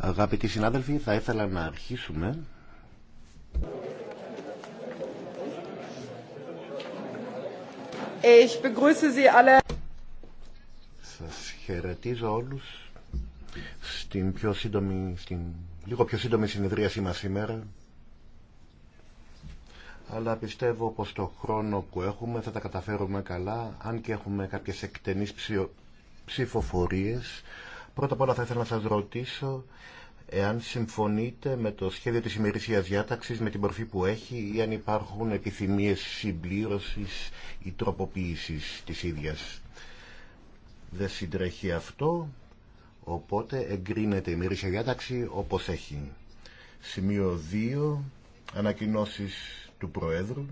Αγαπητοί συνάδελφοι, θα ήθελα να αρχίσουμε. Ich begrüße Sie Σας χαιρετίζω όλους στην, πιο σύντομη, λίγο πιο σύντομη συνεδρίασή μας σήμερα. Αλλά πιστεύω πως το χρόνο που έχουμε θα τα καταφέρουμε καλά, αν και έχουμε κάποιες εκτενείς ψηφοφορίες Πρώτα απ' όλα θα ήθελα να σας ρωτήσω εάν συμφωνείτε με το σχέδιο της ημερησίας διάταξης, με την μορφή που έχει ή αν υπάρχουν επιθυμίες συμπλήρωσης ή τροποποίησης της ίδιας. Δεν συντρέχει αυτό, οπότε εγκρίνεται η ημερησία διάταξη όπως έχει. Σημείο 2, ανακοινώσεις του Προέδρου.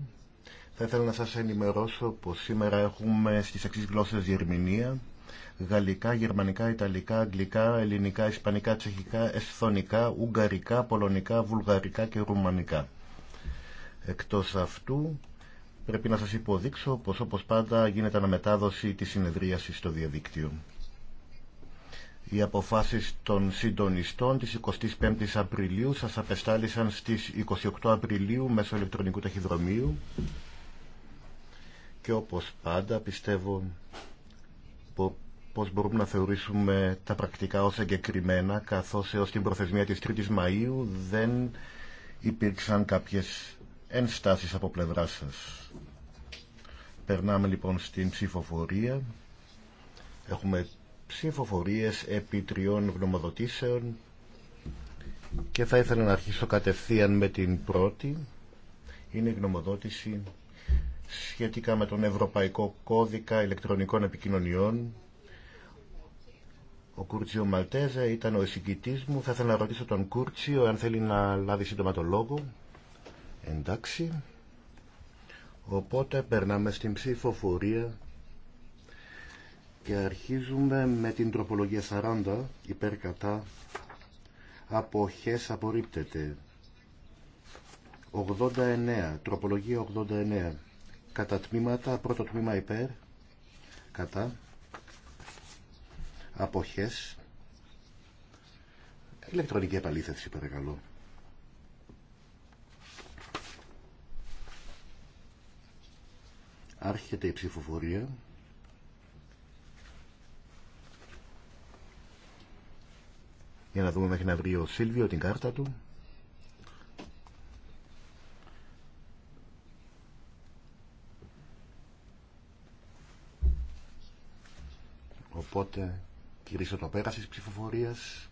Θα ήθελα να σας ενημερώσω πως σήμερα έχουμε στις εξής γλώσσες διερμηνία γαλλικά, γερμανικά, ιταλικά, αγγλικά, ελληνικά, ισπανικά, τσεχικά, εσθονικά, ουγγαρικά, πολωνικά, βουλγαρικά και ρουμανικά. Εκτός αυτού, πρέπει να σας υποδείξω πως όπως πάντα γίνεται αναμετάδοση της συνεδρίασης στο διαδίκτυο. Οι αποφάσεις των συντονιστών της 25ης Απριλίου σας απεστάλησαν στις 28 Απριλίου μέσω ηλεκτρονικού ταχυδρομείου και όπως πάντα πιστεύω πώς μπορούμε να θεωρήσουμε τα πρακτικά ως εγκεκριμένα, καθώς έως την προθεσμία της 3ης Μαΐου δεν υπήρξαν κάποιες ενστάσεις από πλευρά σας. Περνάμε λοιπόν στην ψηφοφορία. Έχουμε ψηφοφορίες επί τριών γνωμοδοτήσεων και θα ήθελα να αρχίσω κατευθείαν με την πρώτη. Είναι η γνωμοδότηση σχετικά με τον Ευρωπαϊκό Κώδικα Ελεκτρονικών Επικοινωνιών ο Κούρτσιο Μαλτέζα ήταν ο εισηγητή μου. Θα ήθελα να ρωτήσω τον Κούρτσιο αν θέλει να λάβει σύντομα το λόγο. Εντάξει. Οπότε περνάμε στην ψηφοφορία και αρχίζουμε με την τροπολογία 40 υπέρ κατά αποχές απορρίπτεται 89 τροπολογία 89 κατά τμήματα πρώτο τμήμα υπέρ κατά αποχές ηλεκτρονική επαλήθευση παρακαλώ άρχεται η ψηφοφορία για να δούμε μέχρι να βρει ο Σίλβιο την κάρτα του οπότε κηρύσω το πέρας της ψηφοφορίας.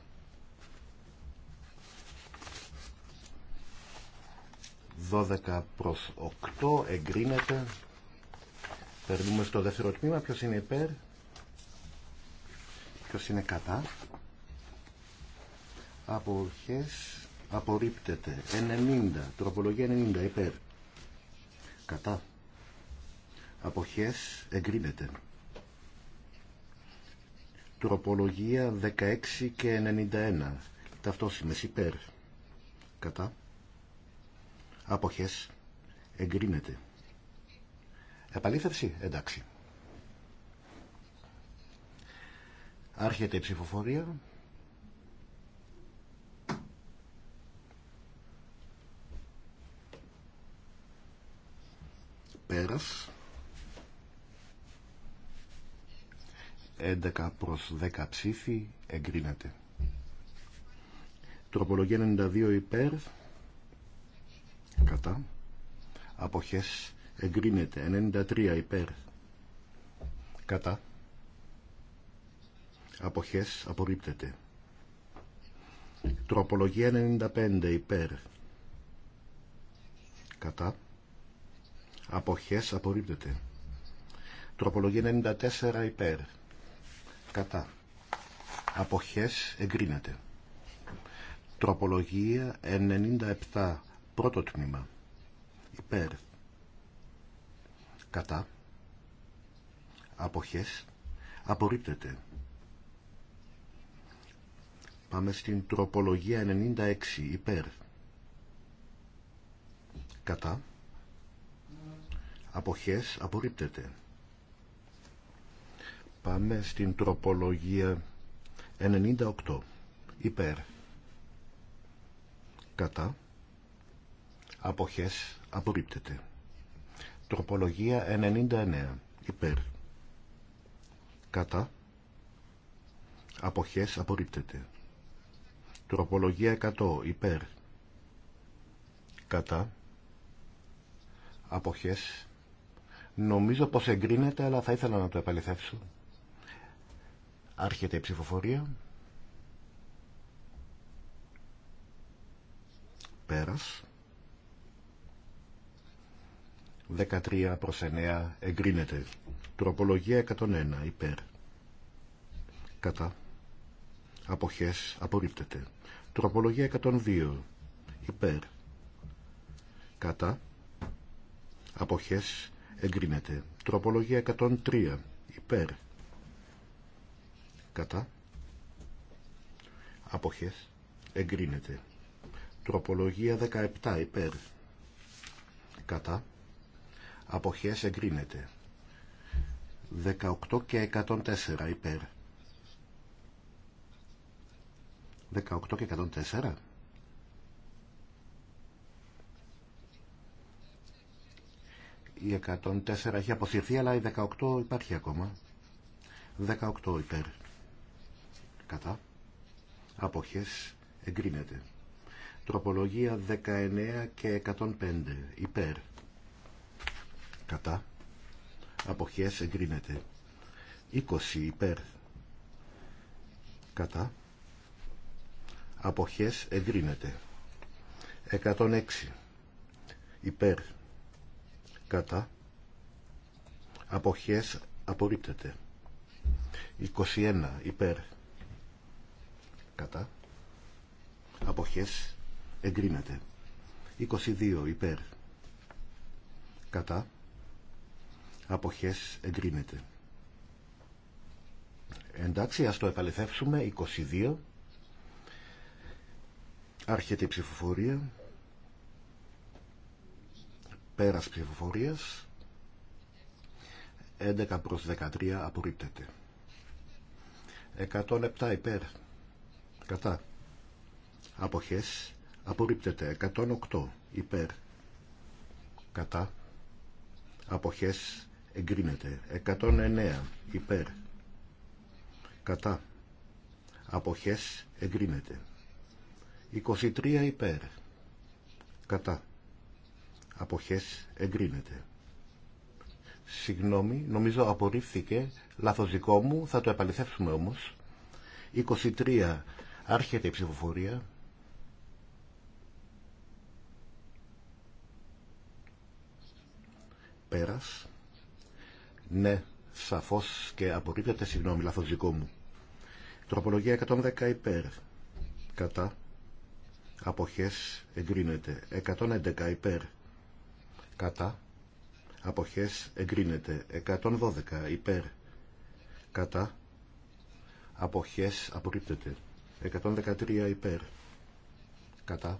Δώδεκα προς 8 εγκρίνεται. Περνούμε στο δεύτερο τμήμα. Ποιος είναι υπέρ. Ποιος είναι κατά. Αποχές απορρίπτεται. 90. Τροπολογία 90. Υπέρ. Κατά. Αποχές εγκρίνεται. Τροπολογία 16 και 91. Ταυτόσημες υπέρ. Κατά. Αποχές. Εγκρίνεται. Επαλήθευση. Εντάξει. Άρχεται η ψηφοφορία. Πέρας. 11 προς 10 ψήφι εγκρίνεται. Τροπολογία 92 υπέρ κατά αποχές εγκρίνεται. 93 υπέρ κατά αποχές απορρίπτεται. Τροπολογία 95 υπέρ κατά αποχές απορρίπτεται. Τροπολογία 94 υπέρ κατά αποχές εγκρίνεται τροπολογία 97 πρώτο τμήμα υπέρ κατά αποχές απορρίπτεται πάμε στην τροπολογία 96 υπέρ κατά αποχές απορρίπτεται Πάμε στην τροπολογία 98. Υπέρ. Κατά. Αποχές. Απορρίπτεται. Τροπολογία 99. Υπέρ. Κατά. Αποχές. Απορρίπτεται. Τροπολογία 100. Υπέρ. Κατά. Αποχές. Νομίζω πως εγκρίνεται, αλλά θα ήθελα να το επαληθεύσω. Άρχεται η ψηφοφορία. Πέρας. 13 προς 9 εγκρίνεται. Τροπολογία 101 υπέρ. Κατά. Αποχές απορρίπτεται. Τροπολογία 102 υπέρ. Κατά. Αποχές εγκρίνεται. Τροπολογία 103 υπέρ κατά αποχές εγκρίνεται τροπολογία 17 υπέρ κατά αποχές εγκρίνεται 18 και 104 υπέρ 18 και 104 Η 104 έχει αποσυρθεί αλλά η 18 υπάρχει ακόμα 18 υπέρ κατά αποχές εγκρίνεται τροπολογία 19 και 105 υπέρ κατά αποχές εγκρίνεται 20 υπέρ κατά αποχές εγκρίνεται 106 υπέρ κατά αποχές απορρίπτεται 21 υπέρ κατά αποχές εγκρίνεται 22 υπέρ κατά αποχές εγκρίνεται εντάξει ας το επαληθεύσουμε 22 άρχεται η ψηφοφορία πέρας ψηφοφορίας 11 προς 13 απορρίπτεται 107 υπέρ κατά αποχές απορρίπτεται 108 υπέρ κατά αποχές εγκρίνεται 109 υπέρ κατά αποχές εγκρίνεται 23 υπέρ κατά αποχές εγκρίνεται συγγνώμη νομίζω απορρίφθηκε λάθος δικό μου θα το επαληθεύσουμε όμως 23 Άρχεται η ψηφοφορία. Πέρας. Ναι, σαφώς και απορρίπτεται, συγγνώμη, λάθος δικό μου. Τροπολογία 110 υπέρ. Κατά. Αποχές εγκρίνεται. 111 υπέρ. Κατά. Αποχές εγκρίνεται. 112 υπέρ. Κατά. Αποχές απορρίπτεται. 113 υπέρ. Κατά.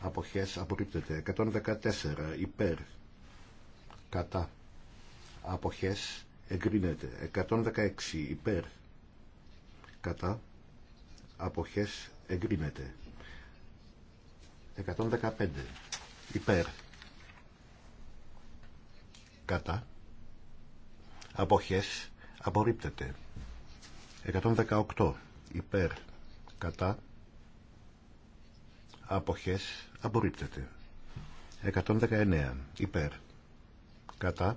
Αποχές απορρίπτεται. 114 υπέρ. Κατά. Αποχές εγκρίνεται. 116 υπέρ. Κατά. Αποχές εγκρίνεται. 115 υπέρ. Κατά. Αποχές απορρίπτεται. 118 υπέρ κατά αποχές απορρίπτεται 119 υπέρ κατά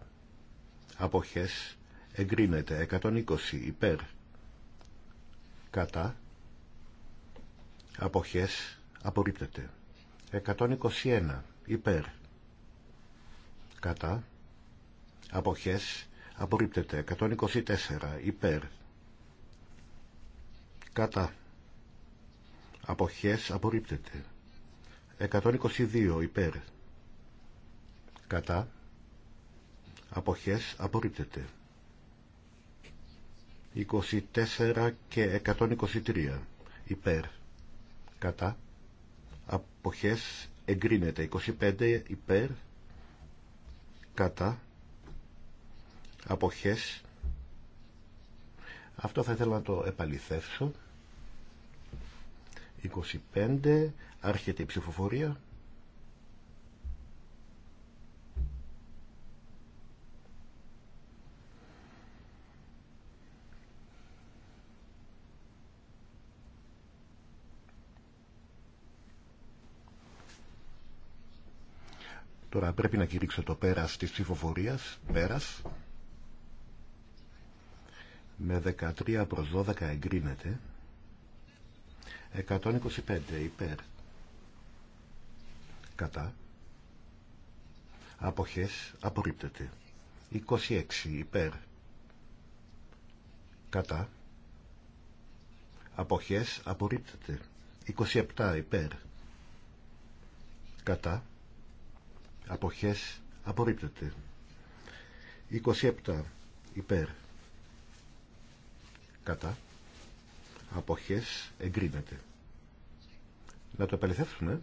αποχές εγκρίνεται 120 υπέρ κατά αποχές απορρίπτεται 121 υπέρ κατά αποχές απορρίπτεται 124 υπέρ κατά Αποχές απορρίπτεται. 122 υπέρ. Κατά. Αποχές απορρίπτεται. 24 και 123 υπέρ. Κατά. Αποχές εγκρίνεται. 25 υπέρ. Κατά. Αποχές. Αυτό θα ήθελα να το επαληθεύσω. 25 άρχεται η ψηφοφορία Τώρα πρέπει να κηρύξω το πέρας της ψηφοφορίας. Πέρας. Με 13 προς 12 εγκρίνεται. 125 υπέρ κατά αποχές απορρίπτεται 26 υπέρ κατά αποχές απορρίπτεται 27 υπέρ κατά αποχές απορρίπτεται 27 υπέρ κατά αποχές εγκρίνεται. Να το απελευθεύσουμε.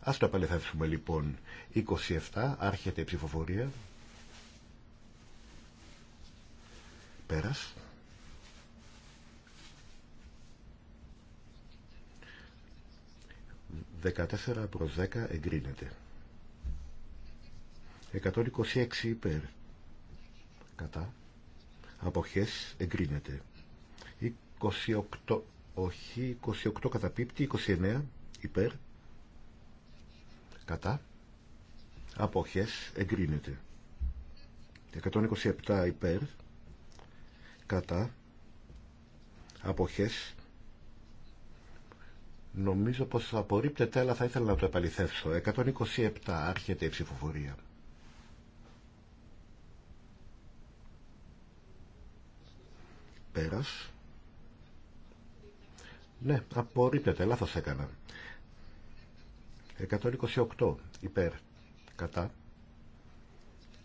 Ας το απελευθεύσουμε λοιπόν. 27 άρχεται η ψηφοφορία. Πέρας. 14 προς 10 εγκρίνεται. 126 υπέρ. Κατά. Αποχές εγκρίνεται. 28 όχι 28 καταπίπτει 29 υπέρ κατά αποχές εγκρίνεται 127 υπέρ κατά αποχές νομίζω πως απορρίπτεται αλλά θα ήθελα να το επαληθεύσω 127 άρχεται η ψηφοφορία πέρας ναι, απορρίπτεται, λάθος έκανα. 128 υπέρ κατά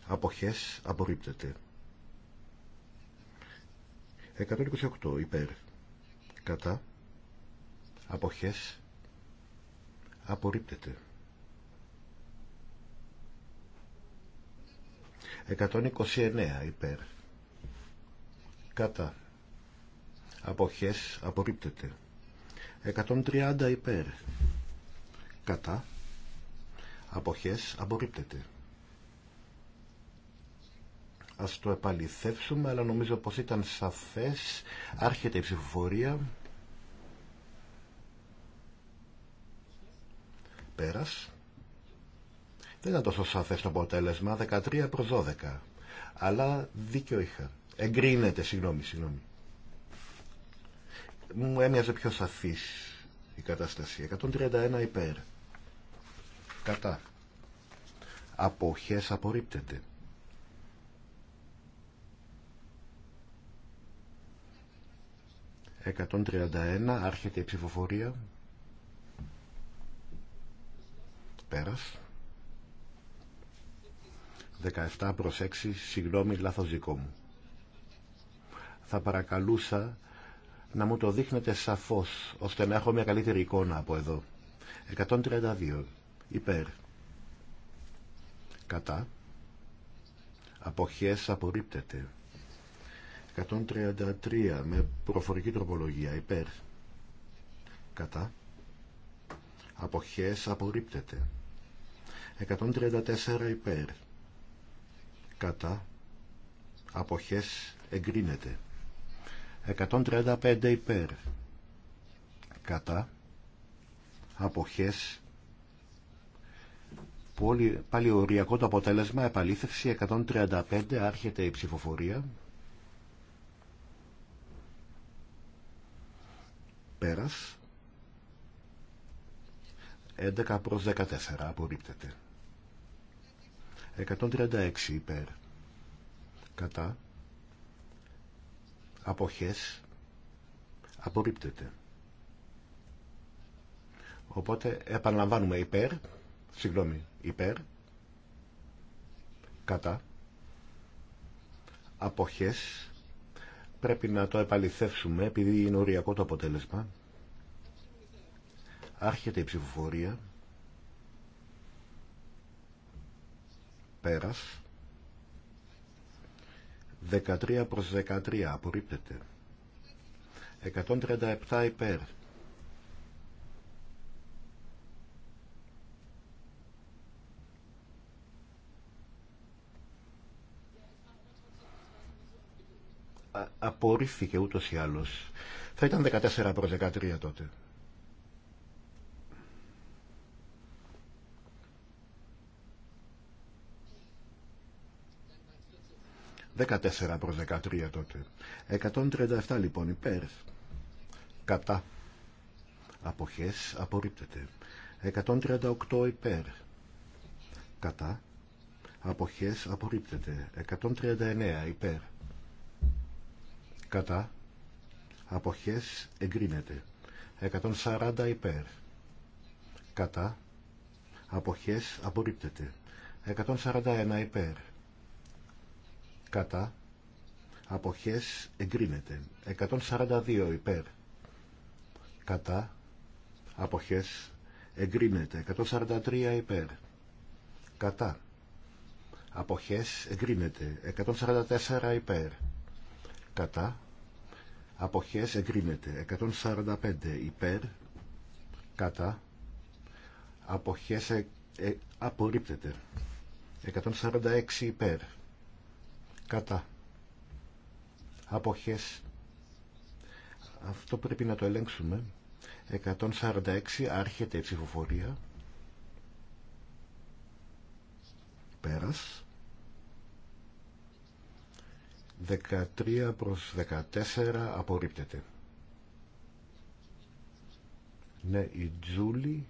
αποχές απορρίπτεται. 128 υπέρ κατά αποχές απορρίπτεται. 129 υπέρ κατά αποχές απορρίπτεται. 130 υπέρ κατά αποχές απορρίπτεται ας το επαληθεύσουμε αλλά νομίζω πως ήταν σαφές άρχεται η ψηφοφορία πέρας δεν ήταν τόσο σαφές το αποτέλεσμα 13 προς 12 αλλά δίκιο είχα εγκρίνεται συγγνώμη συγγνώμη μου έμοιαζε πιο σαφής η κατάσταση. 131 υπέρ. Κατά. Αποχές απορρίπτεται. 131 άρχεται η ψηφοφορία. Πέρας. 17 προς 6, συγγνώμη λάθος δικό μου. Θα παρακαλούσα να μου το δείχνετε σαφώς, ώστε να έχω μια καλύτερη εικόνα από εδώ. 132. Υπέρ. Κατά. Αποχές απορρίπτεται. 133 με προφορική τροπολογία. Υπέρ. Κατά. Αποχές απορρίπτεται. 134 υπέρ. Κατά. Αποχές εγκρίνεται. 135 υπέρ κατά αποχές πολύ, πάλι οριακό το αποτέλεσμα επαλήθευση 135 άρχεται η ψηφοφορία πέρας 11 προς 14 απορρίπτεται 136 υπέρ κατά αποχές απορρίπτεται. Οπότε επαναλαμβάνουμε υπέρ, συγγνώμη, υπέρ, κατά, αποχές, πρέπει να το επαληθεύσουμε επειδή είναι οριακό το αποτέλεσμα. Άρχεται η ψηφοφορία. Πέρας. 13 προς 13 απορρίπτεται 137 υπέρ απορρίφθηκε ούτως ή άλλως θα ήταν 14 προς 13 τότε 14 προς 13 τότε. 137 λοιπόν υπέρ. Κατά. Αποχές απορρίπτεται. 138 υπέρ. Κατά. Αποχές απορρίπτεται. 139 υπέρ. Κατά. Αποχές εγκρίνεται. 140 υπέρ. Κατά. Αποχές απορρίπτεται. 141 υπέρ κατά αποχές εγκρίνεται 142 υπέρ κατά αποχές εγκρίνεται 143 υπέρ κατά αποχές εγκρίνεται 144 υπέρ κατά αποχές εγκρίνεται 145 υπέρ κατά αποχές ε, ε, απορρίπτεται 146 υπέρ κατά αποχές αυτό πρέπει να το ελέγξουμε 146 άρχεται η ψηφοφορία πέρας 13 προς 14 απορρίπτεται ναι η Τζούλη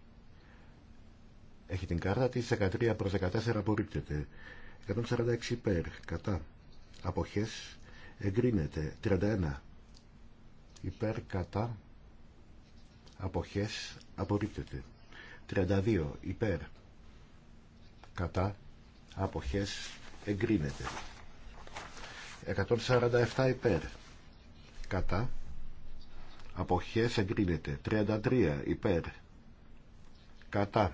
έχει την κάρτα της 13 προς 14 απορρίπτεται 146 υπέρ κατά αποχές εγκρίνεται 31 υπέρ κατά αποχές απορρίπτεται 32 υπέρ κατά αποχές εγκρίνεται 147 υπέρ κατά αποχές εγκρίνεται 33 υπέρ κατά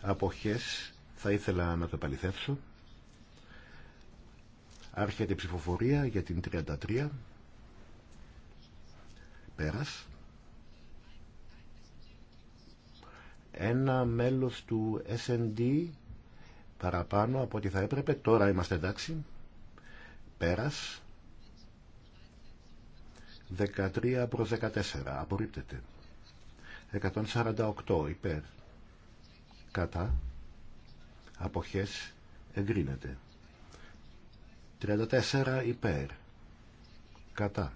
αποχές θα ήθελα να το επαληθεύσω Άρχεται ψηφοφορία για την 33. Πέρας. Ένα μέλος του SND παραπάνω από ό,τι θα έπρεπε. Τώρα είμαστε εντάξει. Πέρας. 13 προς 14. Απορρίπτεται. 148 υπέρ. Κατά. Αποχές εγκρίνεται. 34 υπέρ. Κατά.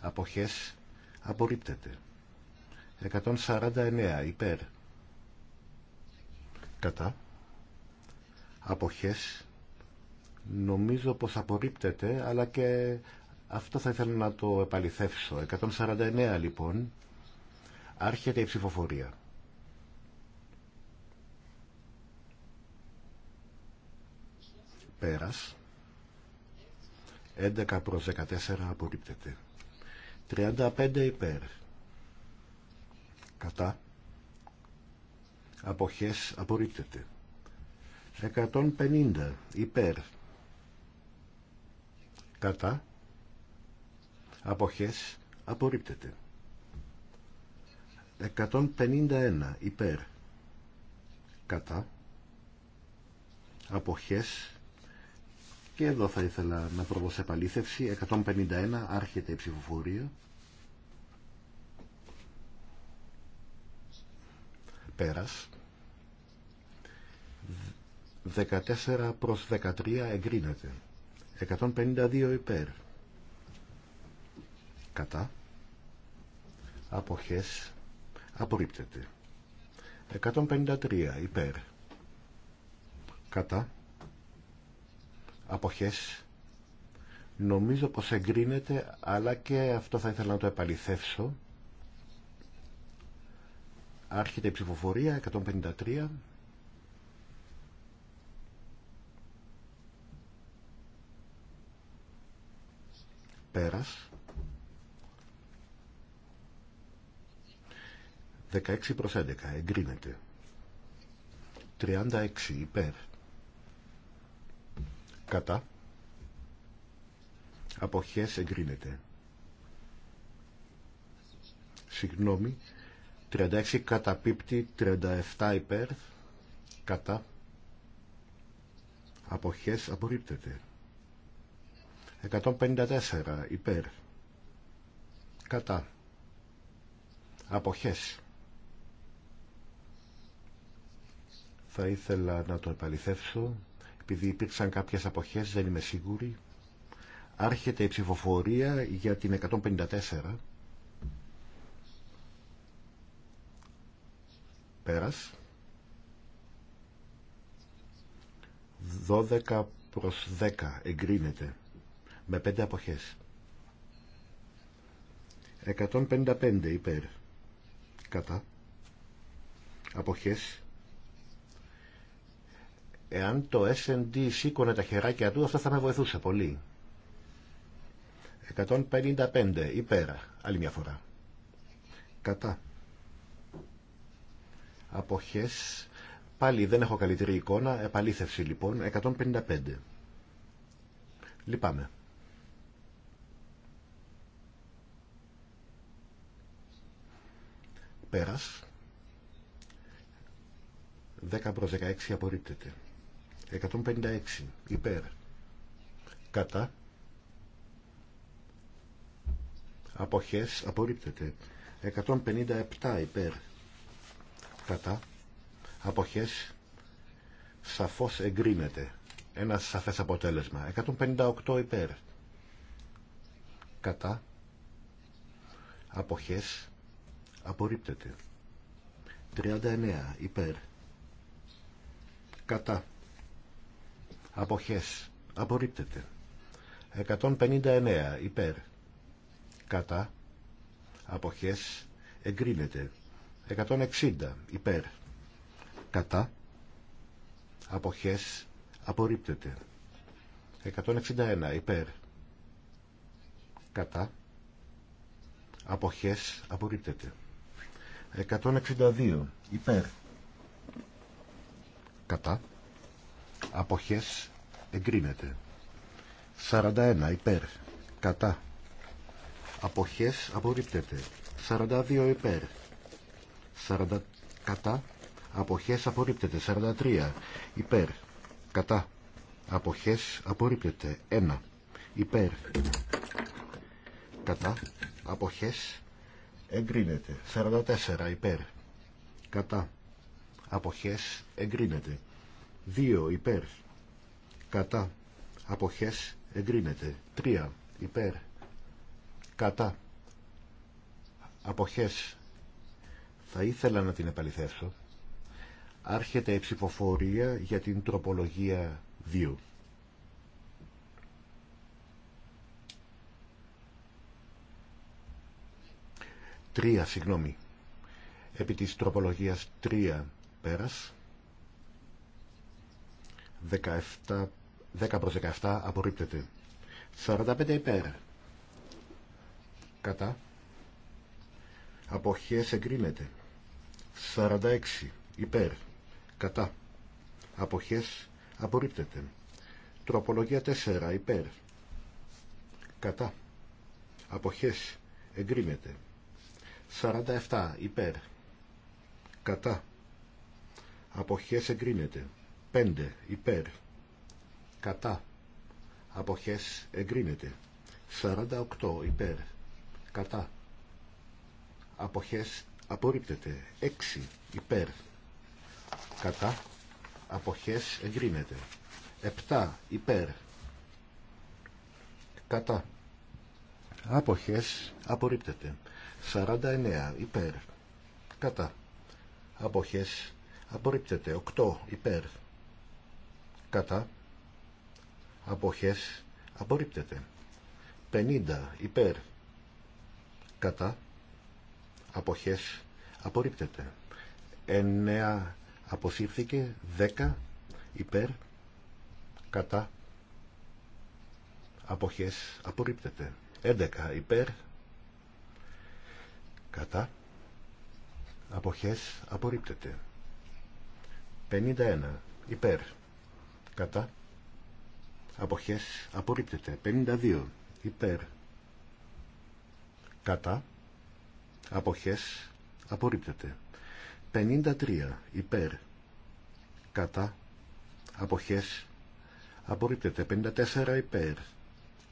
Αποχές απορρίπτεται. 149 υπέρ. Κατά. Αποχές νομίζω πως απορρίπτεται αλλά και αυτό θα ήθελα να το επαληθεύσω. 149 λοιπόν άρχεται η ψηφοφορία. Πέρας. 11 προς 14 απορρίπτεται 35 υπέρ κατά αποχές απορρίπτεται 150 υπέρ κατά αποχές απορρίπτεται 151 υπέρ κατά αποχές και εδώ θα ήθελα να προβώ επαλήθευση 151 άρχεται η ψηφοφορία πέρας 14 προς 13 εγκρίνεται 152 υπέρ κατά αποχές απορρίπτεται 153 υπέρ κατά αποχές νομίζω πως εγκρίνεται αλλά και αυτό θα ήθελα να το επαληθεύσω άρχεται η ψηφοφορία 153 πέρας 16 προς 11 εγκρίνεται 36 υπέρ κατά αποχές εγκρίνεται συγγνώμη 36 καταπίπτει 37 υπέρ κατά αποχές απορρίπτεται 154 υπέρ κατά αποχές θα ήθελα να το επαληθεύσω επειδή υπήρξαν κάποιες αποχές, δεν είμαι σίγουρη. Άρχεται η ψηφοφορία για την 154. Πέρας. 12 προς 10 εγκρίνεται με 5 αποχές. 155 υπέρ κατά αποχές Εάν το S&D σήκωνε τα χεράκια του, αυτό θα με βοηθούσε πολύ. 155 υπέρ, άλλη μια φορά. Κατά. Αποχές. Πάλι δεν έχω καλύτερη εικόνα. Επαλήθευση λοιπόν. 155. Λυπάμαι. Πέρας. 10 προς 16 απορρίπτεται. 156 υπέρ κατά αποχές απορρίπτεται 157 υπέρ κατά αποχές σαφώς εγκρίνεται ένα σαφές αποτέλεσμα 158 υπέρ κατά αποχές απορρίπτεται 39 υπέρ κατά Αποχές. Απορρίπτεται. 159 υπέρ. Κατά. Αποχές. Εγκρίνεται. 160 υπέρ. Κατά. Αποχές. Απορρίπτεται. 161 υπέρ. Κατά. Αποχές. Απορρίπτεται. 162 υπέρ. Κατά αποχές εγκρίνεται 41 υπέρ κατά αποχές απορρίπτεται 42 υπέρ 40 κατά αποχές απορρίπτεται 43 υπέρ κατά αποχές απορρίπτεται 1 υπέρ κατά αποχές εγκρίνεται 44 υπέρ κατά αποχές εγκρίνεται 2 υπέρ κατά αποχές εγκρίνεται 3 υπέρ κατά αποχές θα ήθελα να την επαληθεύσω άρχεται η ψηφοφορία για την τροπολογία 2 3 συγγνώμη επί της τροπολογίας 3 πέρας 17, 10 προς 17 απορρίπτεται. 45 υπέρ. Κατά. Αποχές εγκρίνεται. 46 υπέρ. Κατά. Αποχές απορρίπτεται. Τροπολογία 4 υπέρ. Κατά. Αποχές εγκρίνεται. 47 υπέρ. Κατά. Αποχές εγκρίνεται. 5 υπέρ κατά αποχές εγκρίνεται 48 υπέρ κατά αποχές απορρίπτεται 6 υπέρ κατά αποχές εγκρίνεται 7 υπέρ κατά αποχές απορρίπτεται 49 υπέρ κατά αποχές απορρίπτεται 8 υπέρ κατά αποχές απορρίπτεται 50 υπέρ κατά αποχές απορρίπτεται 9 αποσύρθηκε 10 υπέρ κατά αποχές απορρίπτεται 11 υπέρ κατά αποχές απορρίπτεται 51 υπέρ κατά αποχές απορρίπτεται 52 υπέρ κατά αποχές απορρίπτεται 53 υπέρ κατά αποχές απορρίπτεται 54 υπέρ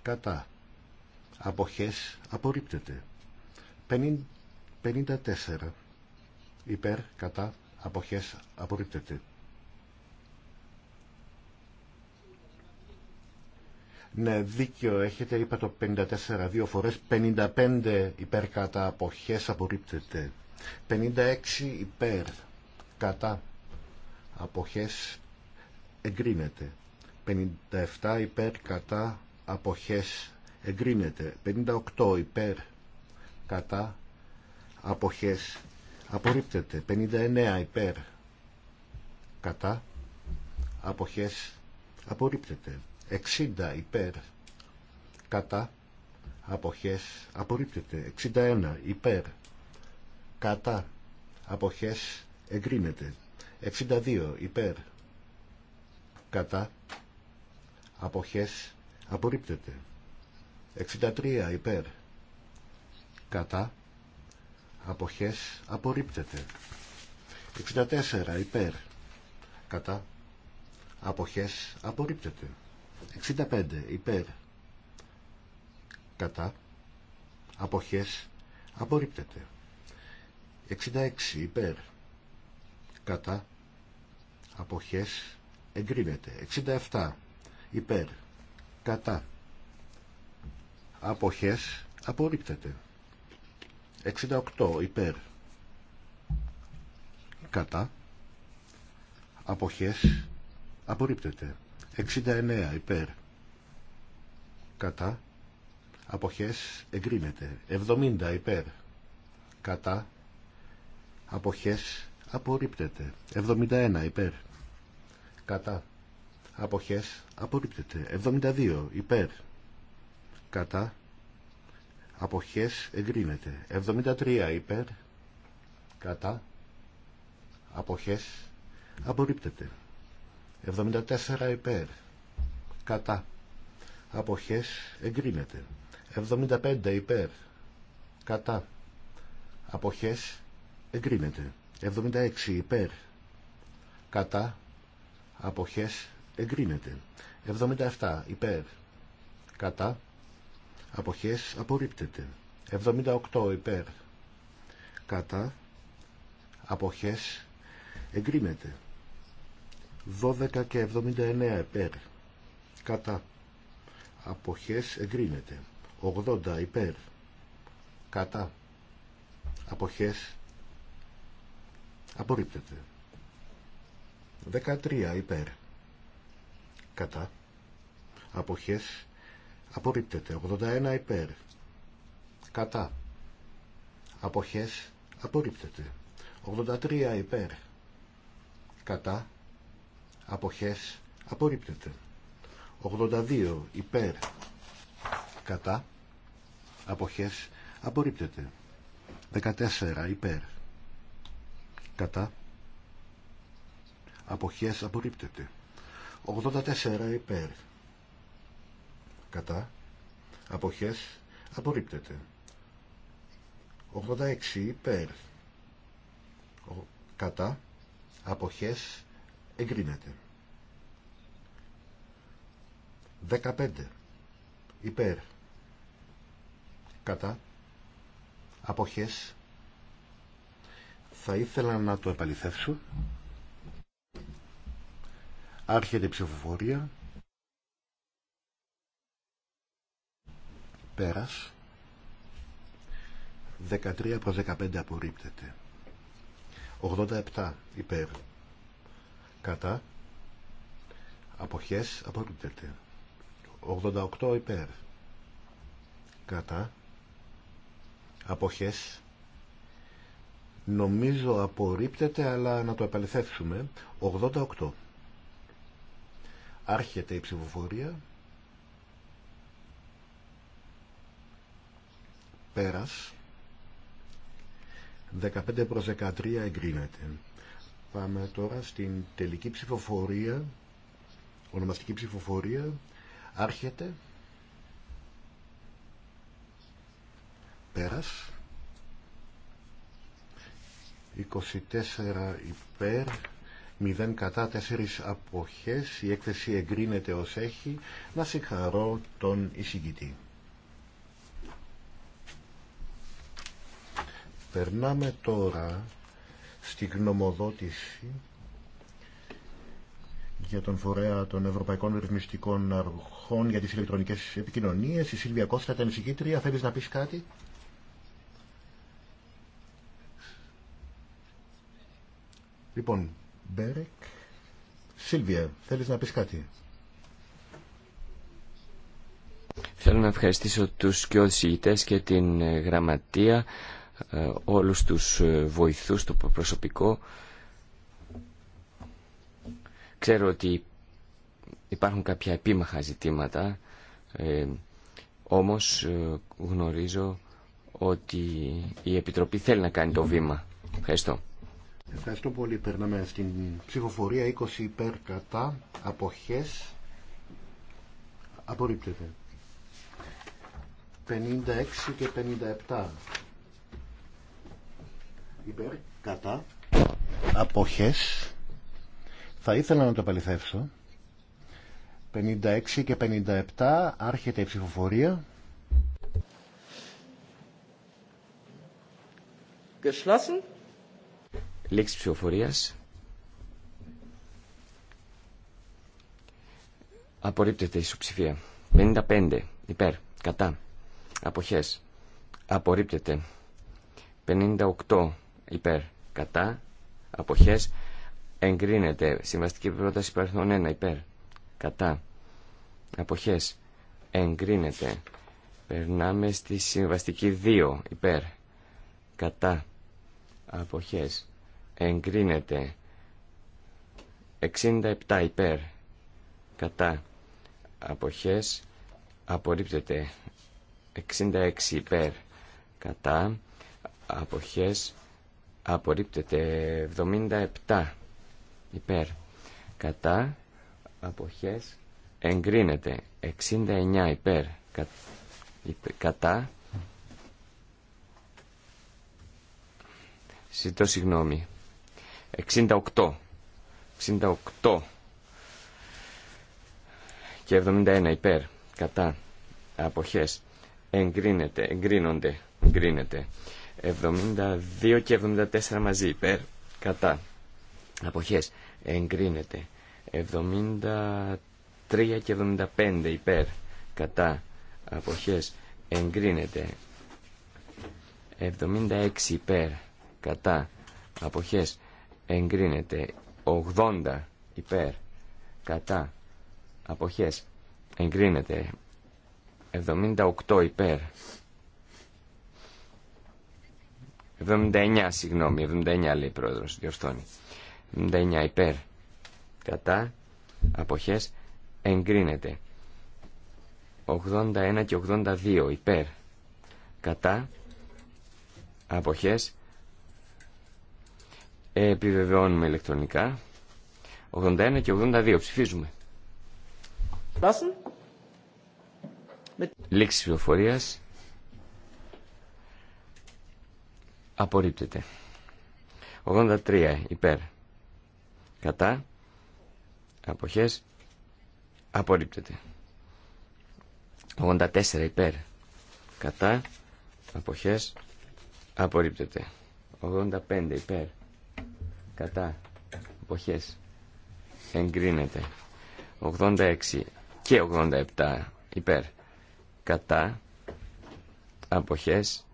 κατά αποχές απορρίπτεται 54 υπέρ κατά αποχές απορρίπτεται Ναι, δίκιο έχετε, είπα το 54 δύο φορές, 55 υπέρ κατά αποχές απορρίπτεται, 56 υπέρ κατά αποχές εγκρίνεται, 57 υπέρ κατά αποχές εγκρίνεται, 58 υπέρ κατά αποχές απορρίπτεται, 59 υπέρ κατά αποχές απορρίπτεται. 60 υπέρ κατά αποχές απορρίπτεται 61 υπέρ κατά αποχές εγκρίνεται 62 υπέρ κατά αποχές απορρίπτεται 63 υπέρ κατά αποχές απορρίπτεται 64 υπέρ κατά αποχές απορρίπτεται 65 υπέρ κατά αποχές απορρίπτεται 66 υπέρ κατά αποχές εγκρίνεται 67 υπέρ κατά αποχές απορρίπτεται 68 υπέρ κατά αποχές απορρίπτεται 69 υπέρ κατά αποχές εγκρίνεται 70 υπέρ κατά αποχές απορρίπτεται 71 υπέρ κατά αποχές απορρίπτεται 72 υπέρ κατά αποχές εγκρίνεται 73 υπέρ κατά αποχές απορρίπτεται 74 υπέρ κατά αποχές εγκρίνεται 75 υπέρ κατά αποχές εγκρίνεται 76 υπέρ κατά αποχές εγκρίνεται 77 υπέρ κατά αποχές απορρίπτεται 78 υπέρ κατά αποχές εγκρίνεται 12 και 79 υπέρ κατά αποχές εγκρίνεται 80 υπέρ κατά αποχές απορρίπτεται 13 υπέρ κατά αποχές απορρίπτεται 81 υπέρ κατά αποχές απορρίπτεται 83 υπέρ κατά αποχές απορρίπτεται 82 υπέρ κατά αποχές απορρίπτεται 14 υπέρ κατά αποχές απορρίπτεται 84 υπέρ κατά αποχές απορρίπτεται 86 υπέρ κατά αποχές εγκρίνεται 15 υπέρ κατά αποχές θα ήθελα να το επαληθεύσω άρχεται η ψηφοφορία πέρας 13 προς 15 απορρίπτεται 87 υπέρ κατά αποχές απορρίπτεται 88 υπέρ κατά αποχές νομίζω απορρίπτεται αλλά να το επαληθεύσουμε 88 άρχεται η ψηφοφορία πέρας 15 προς 13 εγκρίνεται Πάμε τώρα στην τελική ψηφοφορία, ονομαστική ψηφοφορία. Άρχεται. Πέρας. 24 υπέρ, 0 κατά, 4 αποχές. Η έκθεση εγκρίνεται ως έχει. Να συγχαρώ τον εισηγητή. Περνάμε τώρα στη γνωμοδότηση για τον φορέα των Ευρωπαϊκών Ρυθμιστικών Αρχών για τις ηλεκτρονικές επικοινωνίες. Η Σίλβια Κώστα τα εισηγήτρια. Θέλεις να πεις κάτι? Λοιπόν, Μπέρεκ. Σίλβια, θέλεις να πεις κάτι? Θέλω να ευχαριστήσω τους και όλους και την γραμματεία ε, όλους τους ε, βοηθούς, το προσωπικό. Ξέρω ότι υπάρχουν κάποια επίμαχα ζητήματα, ε, όμως ε, γνωρίζω ότι η Επιτροπή θέλει να κάνει το βήμα. Ευχαριστώ. Ευχαριστώ πολύ. Περνάμε στην ψηφοφορία 20 υπέρ κατά αποχές. Απορρίπτεται. 56 και 57 υπέρ, κατά, αποχές. Θα ήθελα να το παληθεύσω. 56 και 57 άρχεται η ψηφοφορία. Geschlossen. Λήξη ψηφοφορίας. Απορρίπτεται η ισοψηφία. 55 υπέρ, κατά, αποχές. Απορρίπτεται. 58 υπέρ κατά αποχές εγκρίνεται συμβαστική πρόταση παρελθόν 1 υπέρ κατά αποχές εγκρίνεται περνάμε στη συμβαστική 2 υπέρ κατά αποχές εγκρίνεται 67 υπέρ κατά αποχές απορρίπτεται 66 υπέρ κατά αποχές απορρίπτεται 77 υπέρ κατά αποχές εγκρίνεται 69 υπέρ κα, υπε, κατά ζητώ συγγνώμη 68 68 και 71 υπέρ κατά αποχές εγκρίνεται εγκρίνονται εγκρίνεται 72 και 74 μαζί υπέρ κατά αποχές εγκρίνεται 73 και 75 υπέρ κατά αποχές εγκρίνεται 76 υπέρ κατά αποχές εγκρίνεται 80 υπέρ κατά αποχές εγκρίνεται 78 υπέρ 79, συγγνώμη, 79 λέει η πρόεδρος, διορθώνει. 79 υπέρ, κατά, αποχές, εγκρίνεται. 81 και 82 υπέρ, κατά, αποχές, επιβεβαιώνουμε ηλεκτρονικά. 81 και 82 ψηφίζουμε. Λήξη πληροφορία. Απορρίπτεται. 83 υπέρ. Κατά. Αποχές. Απορρίπτεται. 84 υπέρ. Κατά. Αποχές. Απορρίπτεται. 85 υπέρ. Κατά. Αποχές. Εγκρίνεται. 86 και 87 υπέρ. Κατά. Αποχές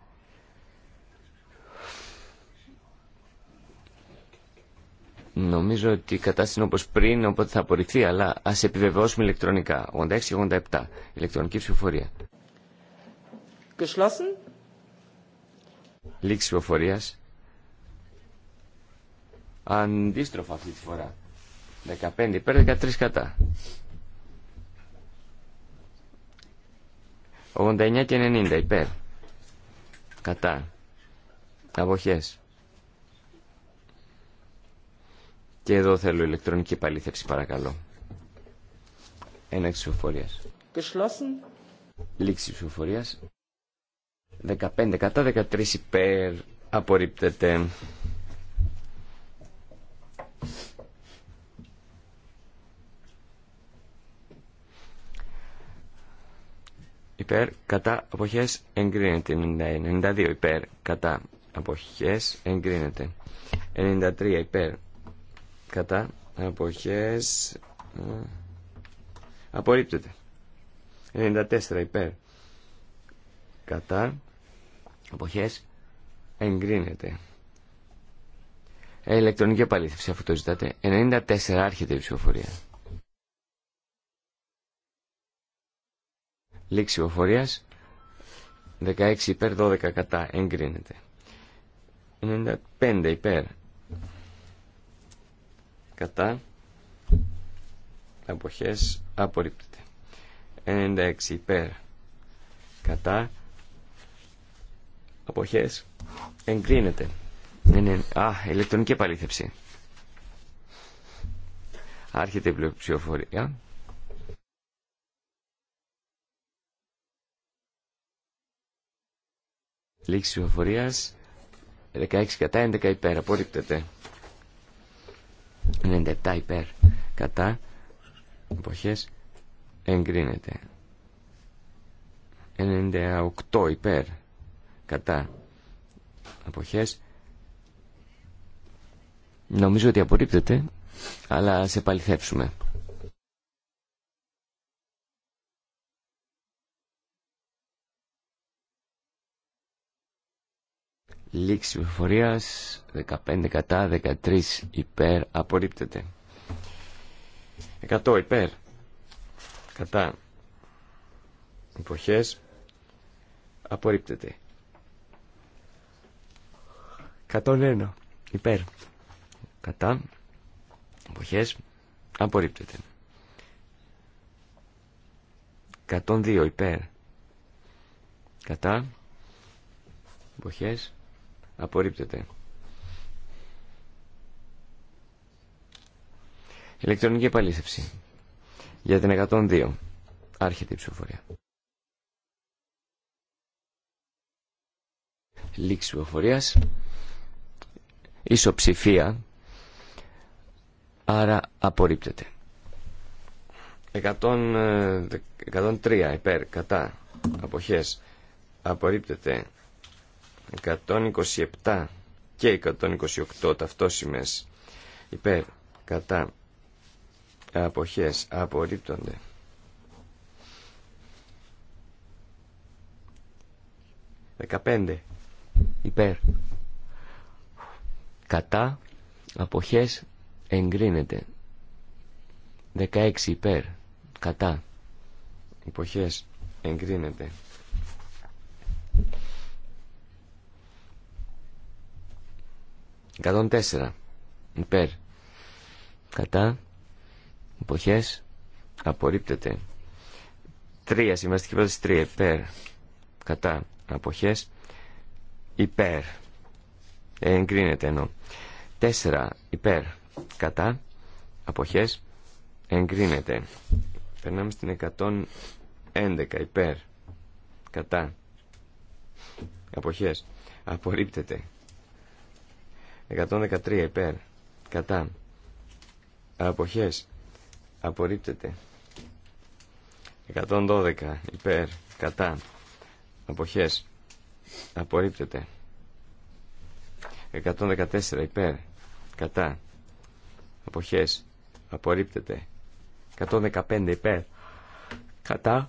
Νομίζω ότι η κατάσταση είναι όπως πριν, οπότε θα απορριφθεί, αλλά α επιβεβαιώσουμε ηλεκτρονικά. 86-87, ηλεκτρονική ψηφοφορία. Geschlossen. Λήξη ψηφοφορία. Αντίστροφα αυτή τη φορά. 15 υπέρ, 13 κατά. 89 και 90 υπέρ. Κατά. Αποχές. Και εδώ θέλω ηλεκτρονική επαλήθευση παρακαλώ. Ένα ψηφοφορίας. Geschlossen. Λήξη ψηφοφορίας. 15 κατά 13 υπέρ απορρίπτεται. Υπέρ κατά αποχές εγκρίνεται 92 υπέρ κατά αποχές εγκρίνεται. 93 υπέρ κατά αποχές απορρίπτεται 94 υπέρ κατά αποχές εγκρίνεται ηλεκτρονική επαλήθευση αφού το ζητάτε 94 άρχεται η ψηφοφορία λήξη ψηφοφορίας 16 υπέρ 12 κατά εγκρίνεται 95 υπέρ κατά αποχές απορρίπτεται 96 υπέρ κατά αποχές εγκρίνεται α, ηλεκτρονική επαλήθευση άρχεται η ψηφοφορία λήξη ψηφοφορίας 16 κατά 11 υπέρ απορρίπτεται 97 υπέρ κατά εποχές εγκρίνεται 98 υπέρ κατά εποχές νομίζω ότι απορρίπτεται αλλά σε επαληθεύσουμε. Λήξη ψηφοφορία 15 κατά 13 υπέρ απορρίπτεται. 100 υπέρ κατά εποχές απορρίπτεται. 101 υπέρ κατά εποχές απορρίπτεται. 102 υπέρ κατά εποχές Απορρίπτεται. Ηλεκτρονική επαλήθευση. Για την 102. Άρχεται η ψηφοφορία. Λήξη ψηφοφορία. Ισοψηφία. Άρα απορρίπτεται. 103 ε, υπέρ, κατά, αποχές, απορρίπτεται. 127 και 128 ταυτόσημες υπέρ κατά αποχές απορρίπτονται. Δεκαπέντε υπέρ κατά αποχές εγκρίνεται. 16 υπέρ κατά αποχές εγκρίνεται. 104 υπέρ κατά Εποχέ. απορρίπτεται 3 συμβαστική πρόταση 3 υπέρ κατά Εποχέ. υπέρ εγκρίνεται ενώ 4 υπέρ κατά αποχές εγκρίνεται περνάμε στην 111 υπέρ κατά αποχές απορρίπτεται 113 υπέρ κατά αποχές απορρίπτεται 112 υπέρ κατά αποχές απορρίπτεται 114 υπέρ κατά αποχές απορρίπτεται 115 υπέρ κατά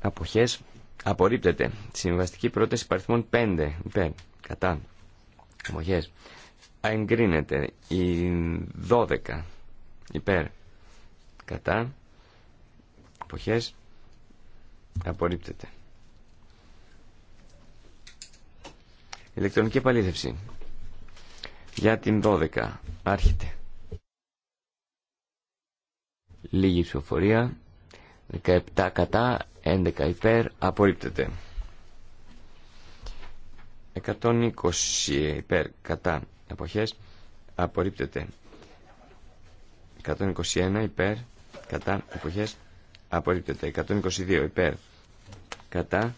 αποχές απορρίπτεται συμβαστική πρόταση παριθμών 5 υπέρ κατά Εγκρίνεται η 12 υπέρ κατά Εποχές απορρίπτεται. Ηλεκτρονική επαλήθευση για την 12 άρχεται. Λίγη ψηφοφορία. 17 κατά, 11 υπέρ, απορρίπτεται. 120 υπέρ κατά αποχές απορρίπτεται 121 υπέρ κατά αποχές απορρίπτεται 122 ε, υπέρ κατά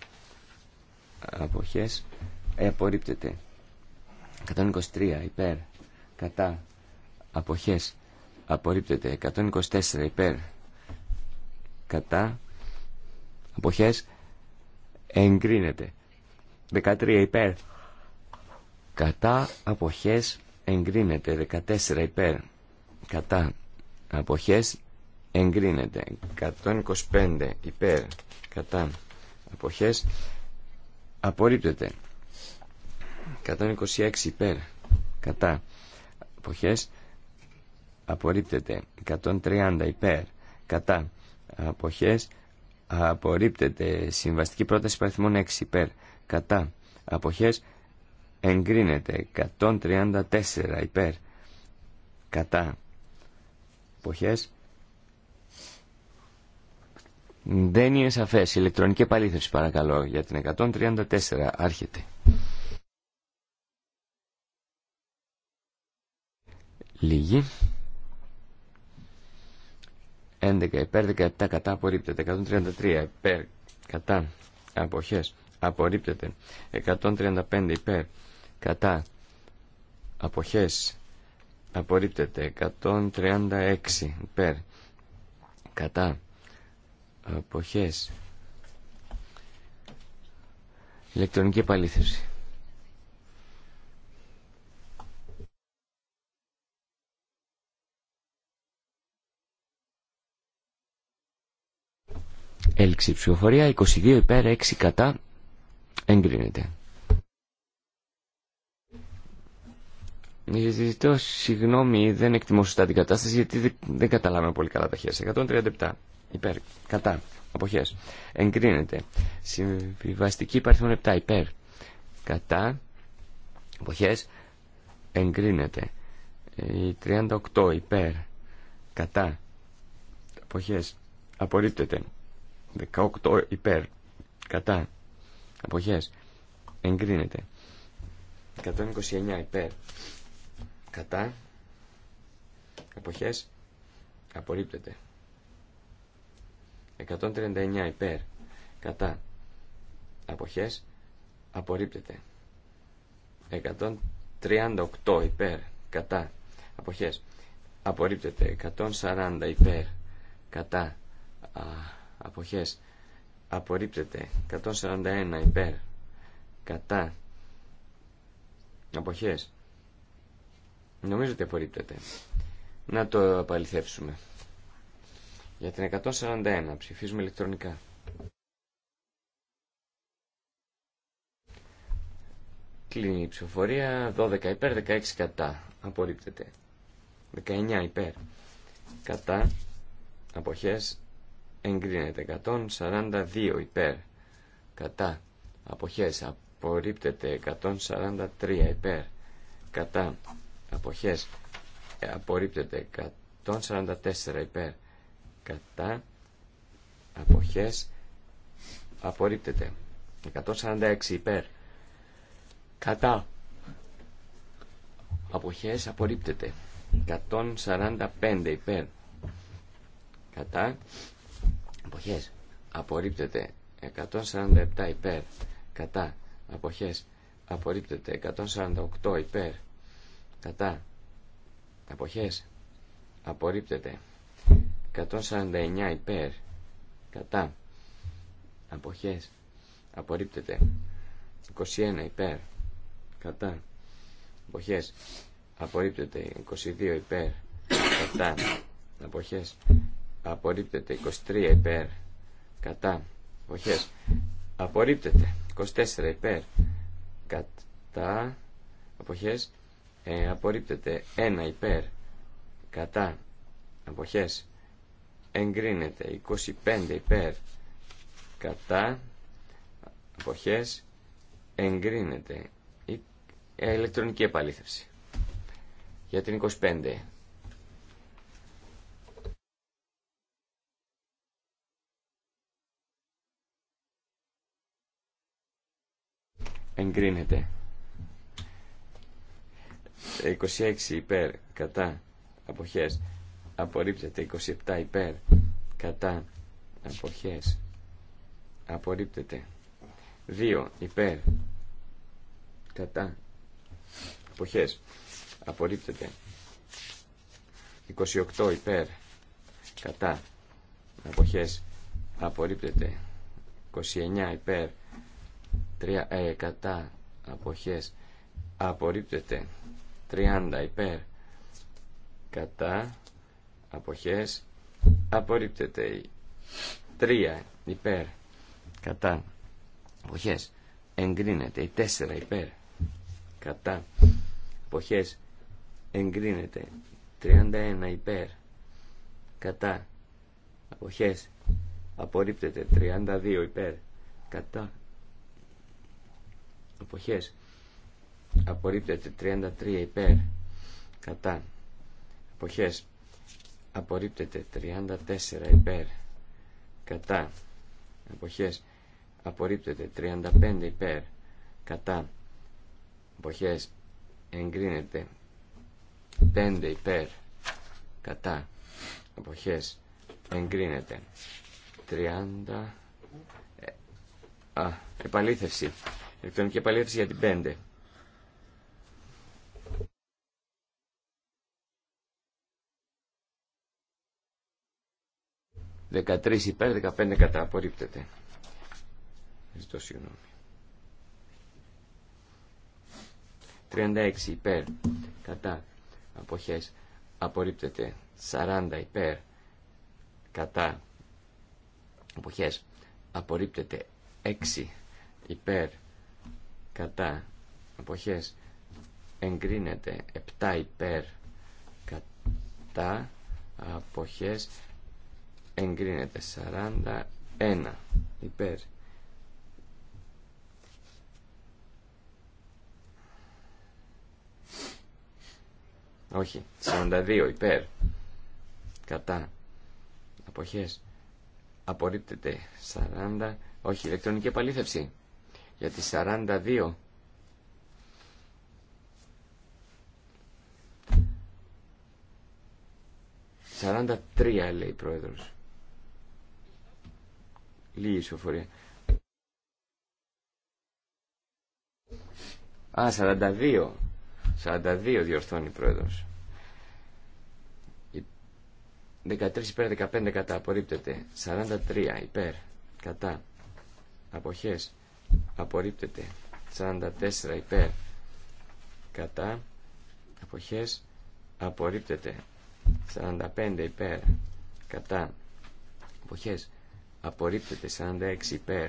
αποχές απορρίπτεται 123 υπέρ κατά αποχές απορρίπτεται 124 υπέρ κατά αποχές εγκρίνεται 13 υπέρ. Κατά αποχές εγκρίνεται. 14 υπέρ. Κατά αποχές εγκρίνεται. 125 υπέρ. Κατά αποχές απορρίπτεται. 126 υπέρ. Κατά αποχές απορρίπτεται. 130 υπέρ. Κατά αποχές απορρίπτεται. Συμβαστική πρόταση παριθμών 6 υπέρ κατά αποχές εγκρίνεται 134 υπέρ κατά αποχές δεν είναι σαφές ηλεκτρονική επαλήθευση παρακαλώ για την 134 άρχεται λίγη 11 υπέρ 17 κατά απορρίπτεται 133 υπέρ κατά αποχές απορρίπτεται 135 υπέρ κατά αποχές απορρίπτεται 136 υπέρ κατά αποχές ηλεκτρονική επαλήθευση Έλξη ψηφοφορία 22 υπέρ 6 κατά Εγκρίνεται. Ζητώ συγγνώμη, δεν εκτιμώ σωστά την κατάσταση γιατί δεν καταλάβαμε πολύ καλά τα χέρια. 137 υπέρ, κατά, αποχές. Εγκρίνεται. Συμβιβαστική παριθμόν 7 υπέρ, κατά, αποχές. Εγκρίνεται. 38 υπέρ, κατά, αποχές. Απορρίπτεται. 18 υπέρ, κατά, Αποχές. Εγκρίνεται. 129 υπέρ. Κατά. Αποχές. Απορρίπτεται. 139 υπέρ. Κατά. Αποχές. Απορρίπτεται. 138 υπέρ. Κατά. Αποχές. Απορρίπτεται. 140 υπέρ. Κατά. Α, απορρίπτεται 141 υπέρ κατά αποχές νομίζω ότι απορρίπτεται να το απαληθεύσουμε. για την 141 ψηφίζουμε ηλεκτρονικά κλείνει η ψηφοφορία 12 υπέρ 16 κατά απορρίπτεται 19 υπέρ κατά αποχές εγκρίνεται 142 υπέρ κατά αποχές απορρίπτεται 143 υπέρ κατά αποχές απορρίπτεται 144 υπέρ κατά αποχές απορρίπτεται 146 υπέρ κατά αποχές απορρίπτεται 145 υπέρ κατά αποχές απορρίπτεται 147 υπέρ κατά αποχές απορρίπτεται 148 υπέρ κατά αποχές απορρίπτεται 149 υπέρ κατά αποχές απορρίπτεται 21 υπέρ κατά αποχές απορρίπτεται 22 υπέρ κατά αποχές απορρίπτεται 23 υπέρ κατά εποχέ. απορρίπτεται 24 υπέρ κατά Κατά, ε, απορρίπτεται 1 υπέρ κατά εποχέ. εγκρίνεται 25 υπέρ κατά εποχέ. εγκρίνεται η ε, ηλεκτρονική επαλήθευση για την 25 εγκρίνεται. 26 υπέρ κατά αποχές απορρίπτεται. 27 υπέρ κατά αποχές απορρίπτεται. 2 υπέρ κατά αποχές απορρίπτεται. 28 υπέρ κατά αποχές απορρίπτεται. 29 υπέρ 3 ε, κατά αποχές απορρίπτεται 30 υπέρ κατά αποχές απορρίπτεται 3 υπέρ κατά αποχές εγκρίνεται 4 υπέρ κατά αποχές εγκρίνεται 31 υπέρ κατά αποχές απορρίπτεται 32 υπέρ κατά αποχές απορρίπτεται 33 υπέρ κατά αποχές απορρίπτεται 34 υπέρ κατά αποχές απορρίπτεται 35 υπέρ κατά αποχές εγκρίνεται 5 υπέρ κατά αποχές εγκρίνεται 30 ε, α, επαλήθευση Ηλεκτρονική επαλήθευση για την 5. 13 υπέρ, δεκαπέντε κατά. Απορρίπτεται. Ζητώ συγγνώμη. 36 υπέρ, κατά. Αποχές. Απορρίπτεται. 40 υπέρ, κατά. Αποχές. Απορρίπτεται. 6 υπέρ, κατά αποχές εγκρίνεται 7 υπέρ κατά αποχές εγκρίνεται 41 υπέρ όχι 42 υπέρ κατά αποχές απορρίπτεται 40 όχι ηλεκτρονική επαλήθευση για τη 42 43 λέει η πρόεδρος λίγη ισοφορία Α, 42 42 διορθώνει η πρόεδρος 13 υπέρ 15 κατά απορρίπτεται 43 υπέρ κατά αποχές απορρίπτεται 44 υπέρ κατά αποχές απορρίπτεται 45 υπέρ κατά αποχές απορρίπτεται 46 υπέρ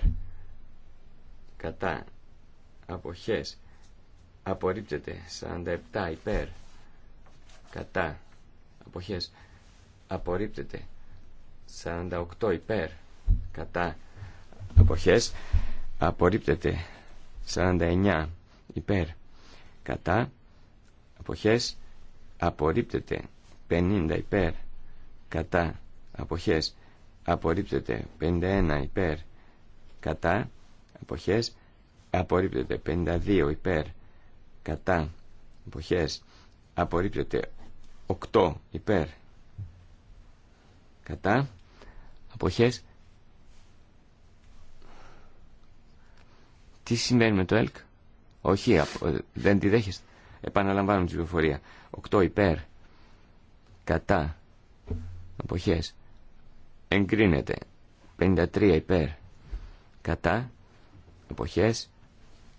κατά αποχές απορρίπτεται 47 υπέρ κατά αποχές απορρίπτεται 48 υπέρ κατά αποχές απορρίπτεται 49 υπέρ κατά αποχές απορρίπτεται 50 υπέρ κατά αποχές απορρίπτεται 51 υπέρ κατά αποχές απορρίπτεται 52 υπέρ κατά αποχές απορρίπτεται 8 υπέρ κατά αποχές Τι σημαίνει με το ΕΛΚ. Όχι, ε, δεν τη δέχεστε. Επαναλαμβάνουμε την ψηφοφορία. 8 υπέρ. Κατά. Αποχές. Εγκρίνεται. 53 υπέρ. Κατά. Αποχές.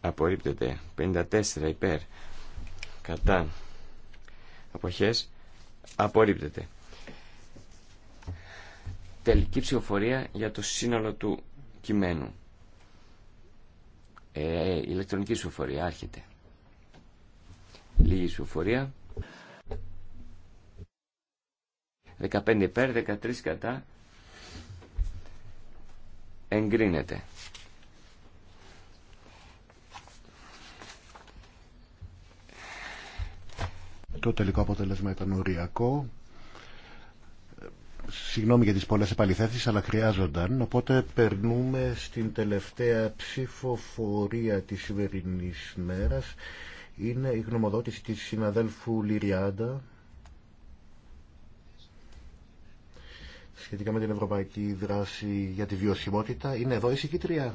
Απορρίπτεται. 54 υπέρ. Κατά. Αποχές. Απορρίπτεται. Τελική ψηφοφορία για το σύνολο του κειμένου. Η ε, ηλεκτρονική σουφορία, άρχεται. Λίγη σουφορία. 15 υπέρ, 13 κατά. Εγκρίνεται. Το τελικό αποτέλεσμα ήταν οριακό. Συγγνώμη για τις πολλές επαληθέσεις, αλλά χρειάζονταν. Οπότε περνούμε στην τελευταία ψηφοφορία της σημερινής μέρας. Είναι η γνωμοδότηση της συναδέλφου Λυριάντα σχετικά με την ευρωπαϊκή δράση για τη βιωσιμότητα. Είναι εδώ η συγκήτρια.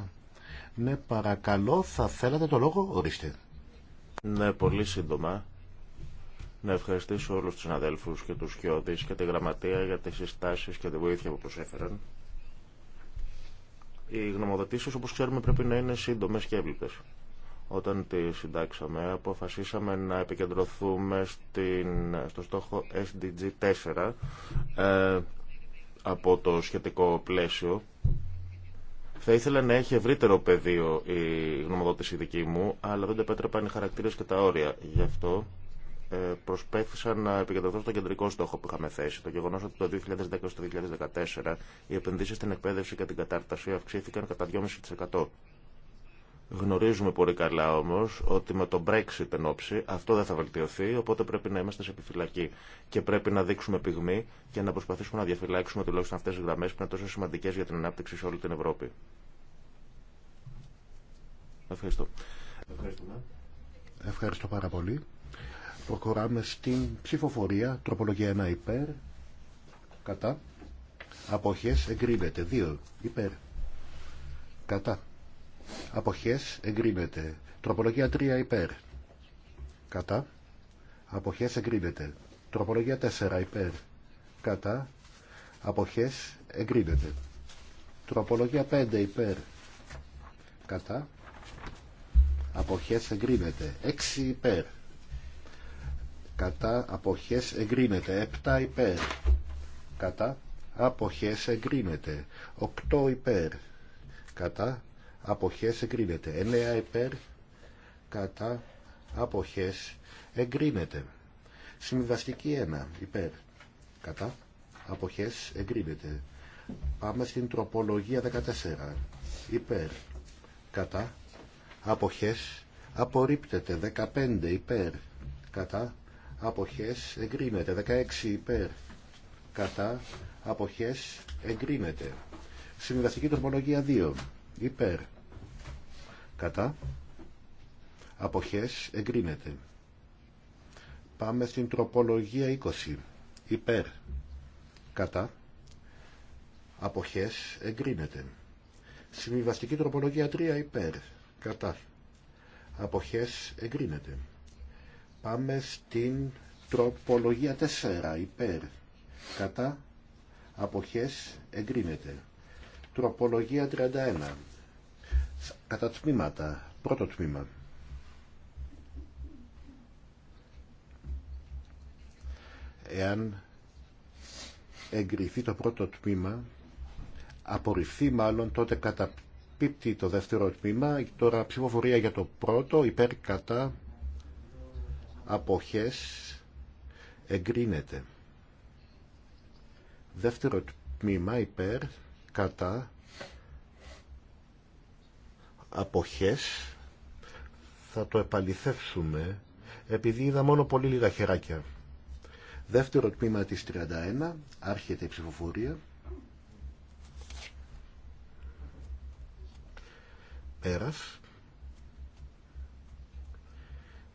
Ναι, παρακαλώ, θα θέλατε το λόγο, ορίστε. Ναι, πολύ σύντομα. Να ευχαριστήσω όλους τους συναδέλφους και τους σκιώδεις και τη γραμματεία για τις συστάσεις και τη βοήθεια που προσέφεραν. Οι γνωμοδοτήσεις, όπως ξέρουμε, πρέπει να είναι σύντομες και έβλητες. Όταν τις συντάξαμε, αποφασίσαμε να επικεντρωθούμε στην, στο στόχο SDG 4 ε, από το σχετικό πλαίσιο θα ήθελα να έχει ευρύτερο πεδίο η γνωμοδότηση δική μου, αλλά δεν το επέτρεπαν οι χαρακτήρες και τα όρια. Γι' αυτό ε, προσπέθησα να επικεντρωθούν στο κεντρικό στόχο που είχαμε θέσει. Το γεγονό ότι το 2010 2014 οι επενδύσει στην εκπαίδευση και την κατάρταση αυξήθηκαν κατά 2,5%. Γνωρίζουμε πολύ καλά όμω ότι με το Brexit εν ώψη αυτό δεν θα βελτιωθεί, οπότε πρέπει να είμαστε σε επιφυλακή και πρέπει να δείξουμε πυγμή και να προσπαθήσουμε να διαφυλάξουμε τουλάχιστον αυτέ τι γραμμέ που είναι τόσο σημαντικέ για την ανάπτυξη σε όλη την Ευρώπη. Ευχαριστώ. Ευχαριστώ πάρα πολύ. Προχωράμε στην ψηφοφορία. Τροπολογία 1 υπέρ. Κατά. Αποχές εγκρίνεται. 2 υπέρ. Κατά. Αποχές εγκρίνεται. Τροπολογία 3 υπέρ. Κατά. Αποχές εγκρίνεται. Τροπολογία 4 υπέρ. Κατά. Αποχές εγκρίνεται. Τροπολογία 5 υπέρ. Κατά. Αποχές εγκρίνεται. 6 υπέρ κατά αποχές εγκρίνεται 7 υπέρ κατά αποχές εγκρίνεται 8 υπέρ κατά αποχές εγκρίνεται 9 υπέρ κατά αποχές εγκρίνεται συμβιβαστική 1 υπέρ κατά αποχές εγκρίνεται πάμε στην τροπολογία 14 υπέρ κατά αποχές απορρίπτεται 15 υπέρ κατά αποχές εγκρίνεται 16 υπέρ κατά αποχές εγκρίνεται συμβιβαστική τροπολογία 2 υπέρ κατά αποχές εγκρίνεται πάμε στην τροπολογία 20 υπέρ κατά αποχές εγκρίνεται συμβιβαστική τροπολογία 3 υπέρ κατά αποχές εγκρίνεται Πάμε στην τροπολογία 4 υπέρ κατά αποχές εγκρίνεται. Τροπολογία 31 κατά τμήματα. Πρώτο τμήμα. Εάν εγκριθεί το πρώτο τμήμα, απορριφθεί μάλλον, τότε καταπίπτει το δεύτερο τμήμα. Τώρα ψηφοφορία για το πρώτο, υπέρ κατά αποχές εγκρίνεται. Δεύτερο τμήμα υπέρ κατά αποχές θα το επαληθεύσουμε επειδή είδα μόνο πολύ λίγα χεράκια. Δεύτερο τμήμα της 31 άρχεται η ψηφοφορία. Πέρας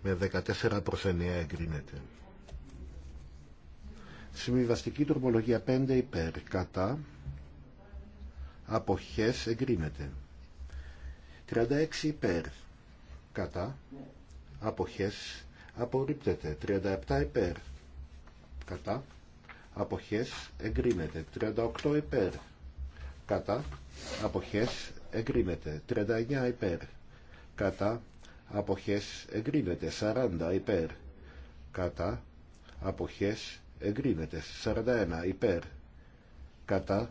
με 14 προς 9 εγκρίνεται. Συμβιβαστική τροπολογία 5 υπέρ κατά αποχές εγκρίνεται. 36 υπέρ κατά αποχές απορρίπτεται. 37 υπέρ κατά αποχές εγκρίνεται. 38 υπέρ κατά αποχές εγκρίνεται. 39 υπέρ κατά αποχές εγκρίνεται 40 υπέρ κατά αποχές εγκρίνεται 41 υπέρ κατά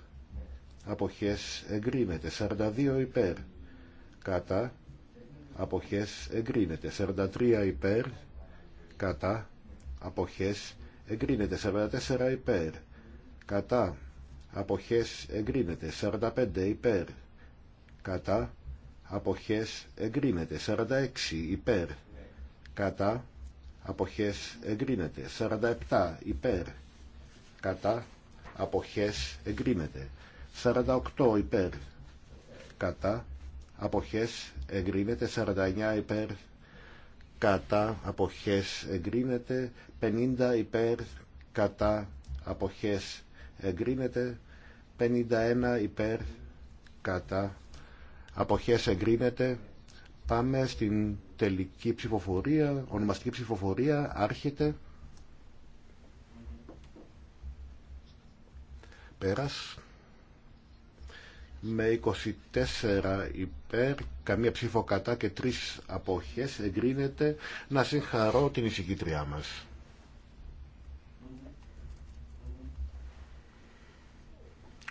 αποχές εγκρίνεται 42 υπέρ κατά αποχές εγκρίνεται 43 υπέρ κατά αποχές εγκρίνεται 44 υπέρ κατά αποχές εγκρίνεται 45 υπέρ κατά αποχές εγκρίνεται 46 υπέρ κατά αποχές εγκρίνεται 47 υπέρ κατά αποχές εγκρίνεται 48 υπέρ κατά αποχές εγκρίνεται 49 υπέρ κατά αποχές εγκρίνεται 50 υπέρ κατά αποχές εγκρίνεται 51 υπέρ κατά αποχές εγκρίνεται. Πάμε στην τελική ψηφοφορία, ονομαστική ψηφοφορία, άρχεται. Πέρας. Με 24 υπέρ, καμία ψήφο κατά και τρεις αποχές εγκρίνεται να συγχαρώ την εισηγήτριά μας.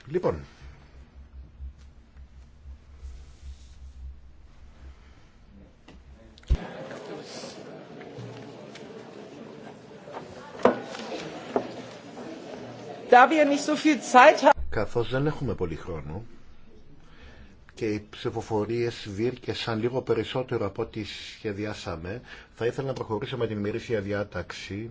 Λοιπόν, Καθώς δεν έχουμε πολύ χρόνο και οι ψηφοφορίες σαν λίγο περισσότερο από ό,τι σχεδιάσαμε, θα ήθελα να προχωρήσω με την μυρίσια διάταξη,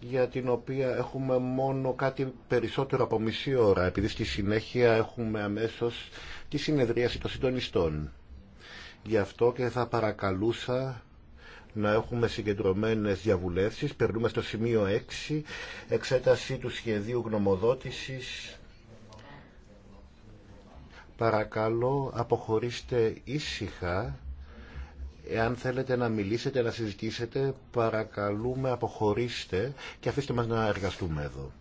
για την οποία έχουμε μόνο κάτι περισσότερο από μισή ώρα, επειδή στη συνέχεια έχουμε αμέσως τη συνεδρίαση των συντονιστών. Γι' αυτό και θα παρακαλούσα να έχουμε συγκεντρωμένες διαβουλεύσεις. Περνούμε στο σημείο 6, εξέταση του σχεδίου γνωμοδότησης. Παρακαλώ, αποχωρήστε ήσυχα. Εάν θέλετε να μιλήσετε, να συζητήσετε, παρακαλούμε αποχωρήστε και αφήστε μας να εργαστούμε εδώ.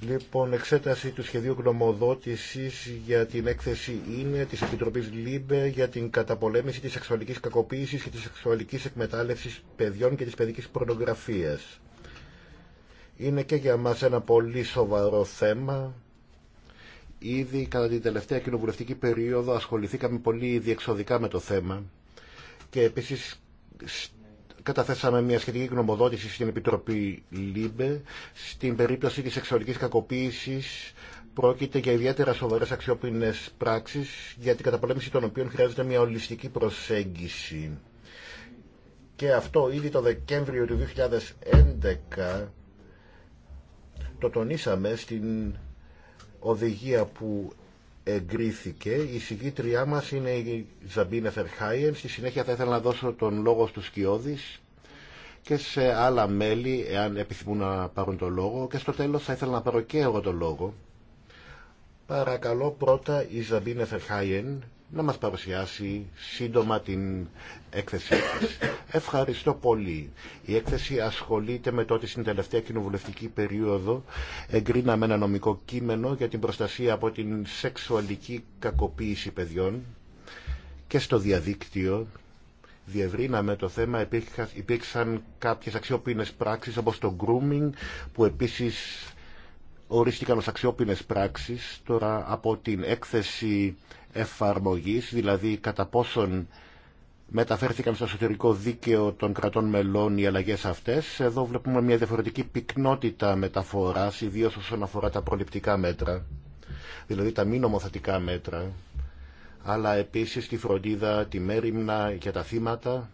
Λοιπόν, εξέταση του σχεδίου γνωμοδότησης για την έκθεση είναι της Επιτροπής ΛΥΜΠΕ για την καταπολέμηση της σεξουαλικής κακοποίησης και της σεξουαλικής εκμετάλλευσης παιδιών και της παιδικής προνογραφίας. Είναι και για μας ένα πολύ σοβαρό θέμα. Ήδη κατά την τελευταία κοινοβουλευτική περίοδο ασχοληθήκαμε πολύ διεξοδικά με το θέμα και επίσης καταθέσαμε μια σχετική γνωμοδότηση στην Επιτροπή ΛΥΜΠΕ. Στην περίπτωση της σεξουαλικής κακοποίησης πρόκειται για ιδιαίτερα σοβαρές αξιόπινες πράξεις για την καταπολέμηση των οποίων χρειάζεται μια ολιστική προσέγγιση. Και αυτό ήδη το Δεκέμβριο του 2011 το τονίσαμε στην οδηγία που εγκρίθηκε. Η συγκίτριά μας είναι η Ζαμπίνε Φερχάιεν. Στη συνέχεια θα ήθελα να δώσω τον λόγο στους Σκιώδης και σε άλλα μέλη, εάν επιθυμούν να πάρουν το λόγο. Και στο τέλος θα ήθελα να πάρω και εγώ το λόγο. Παρακαλώ πρώτα η Ζαμπίνε Φερχάιεν να μας παρουσιάσει σύντομα την έκθεσή της. Ευχαριστώ πολύ. Η έκθεση ασχολείται με το ότι στην τελευταία κοινοβουλευτική περίοδο εγκρίναμε ένα νομικό κείμενο για την προστασία από την σεξουαλική κακοποίηση παιδιών και στο διαδίκτυο διευρύναμε το θέμα, υπήρξαν κάποιες αξιόπινες πράξεις όπως το grooming που επίσης ορίστηκαν ως αξιόπινες πράξεις. Τώρα από την έκθεση εφαρμογής, δηλαδή κατά πόσον μεταφέρθηκαν στο εσωτερικό δίκαιο των κρατών μελών οι αλλαγές αυτές. Εδώ βλέπουμε μια διαφορετική πυκνότητα μεταφοράς, ιδίως όσον αφορά τα προληπτικά μέτρα, δηλαδή τα μη νομοθετικά μέτρα, αλλά επίσης τη φροντίδα, τη μέρημνα για τα θύματα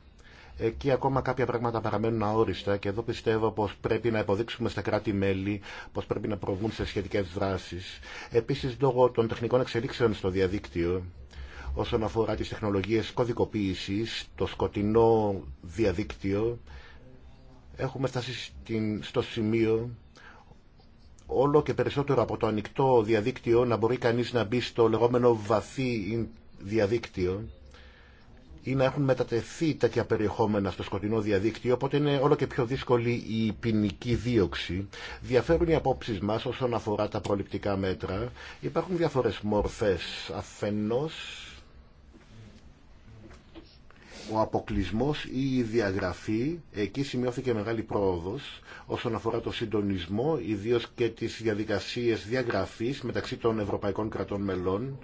Εκεί ακόμα κάποια πράγματα παραμένουν αόριστα και εδώ πιστεύω πως πρέπει να υποδείξουμε στα κράτη-μέλη πως πρέπει να προβούν σε σχετικές δράσεις. Επίσης λόγω των τεχνικών εξελίξεων στο διαδίκτυο όσον αφορά τις τεχνολογίες κωδικοποίησης, το σκοτεινό διαδίκτυο, έχουμε φτάσει στο σημείο όλο και περισσότερο από το ανοιχτό διαδίκτυο να μπορεί κανείς να μπει στο λεγόμενο βαθύ διαδίκτυο ή να έχουν μετατεθεί τέτοια περιεχόμενα στο σκοτεινό διαδίκτυο, οπότε είναι όλο και πιο δύσκολη η ποινική δίωξη. Διαφέρουν οι απόψει μα όσον αφορά τα προληπτικά μέτρα. Υπάρχουν διάφορε μορφέ. Αφενό, ο αποκλεισμό ή η διαγραφή, εκεί σημειώθηκε μεγάλη πρόοδο όσον αφορά το συντονισμό, ιδίω και τι διαδικασίε διαγραφή μεταξύ των ευρωπαϊκών κρατών μελών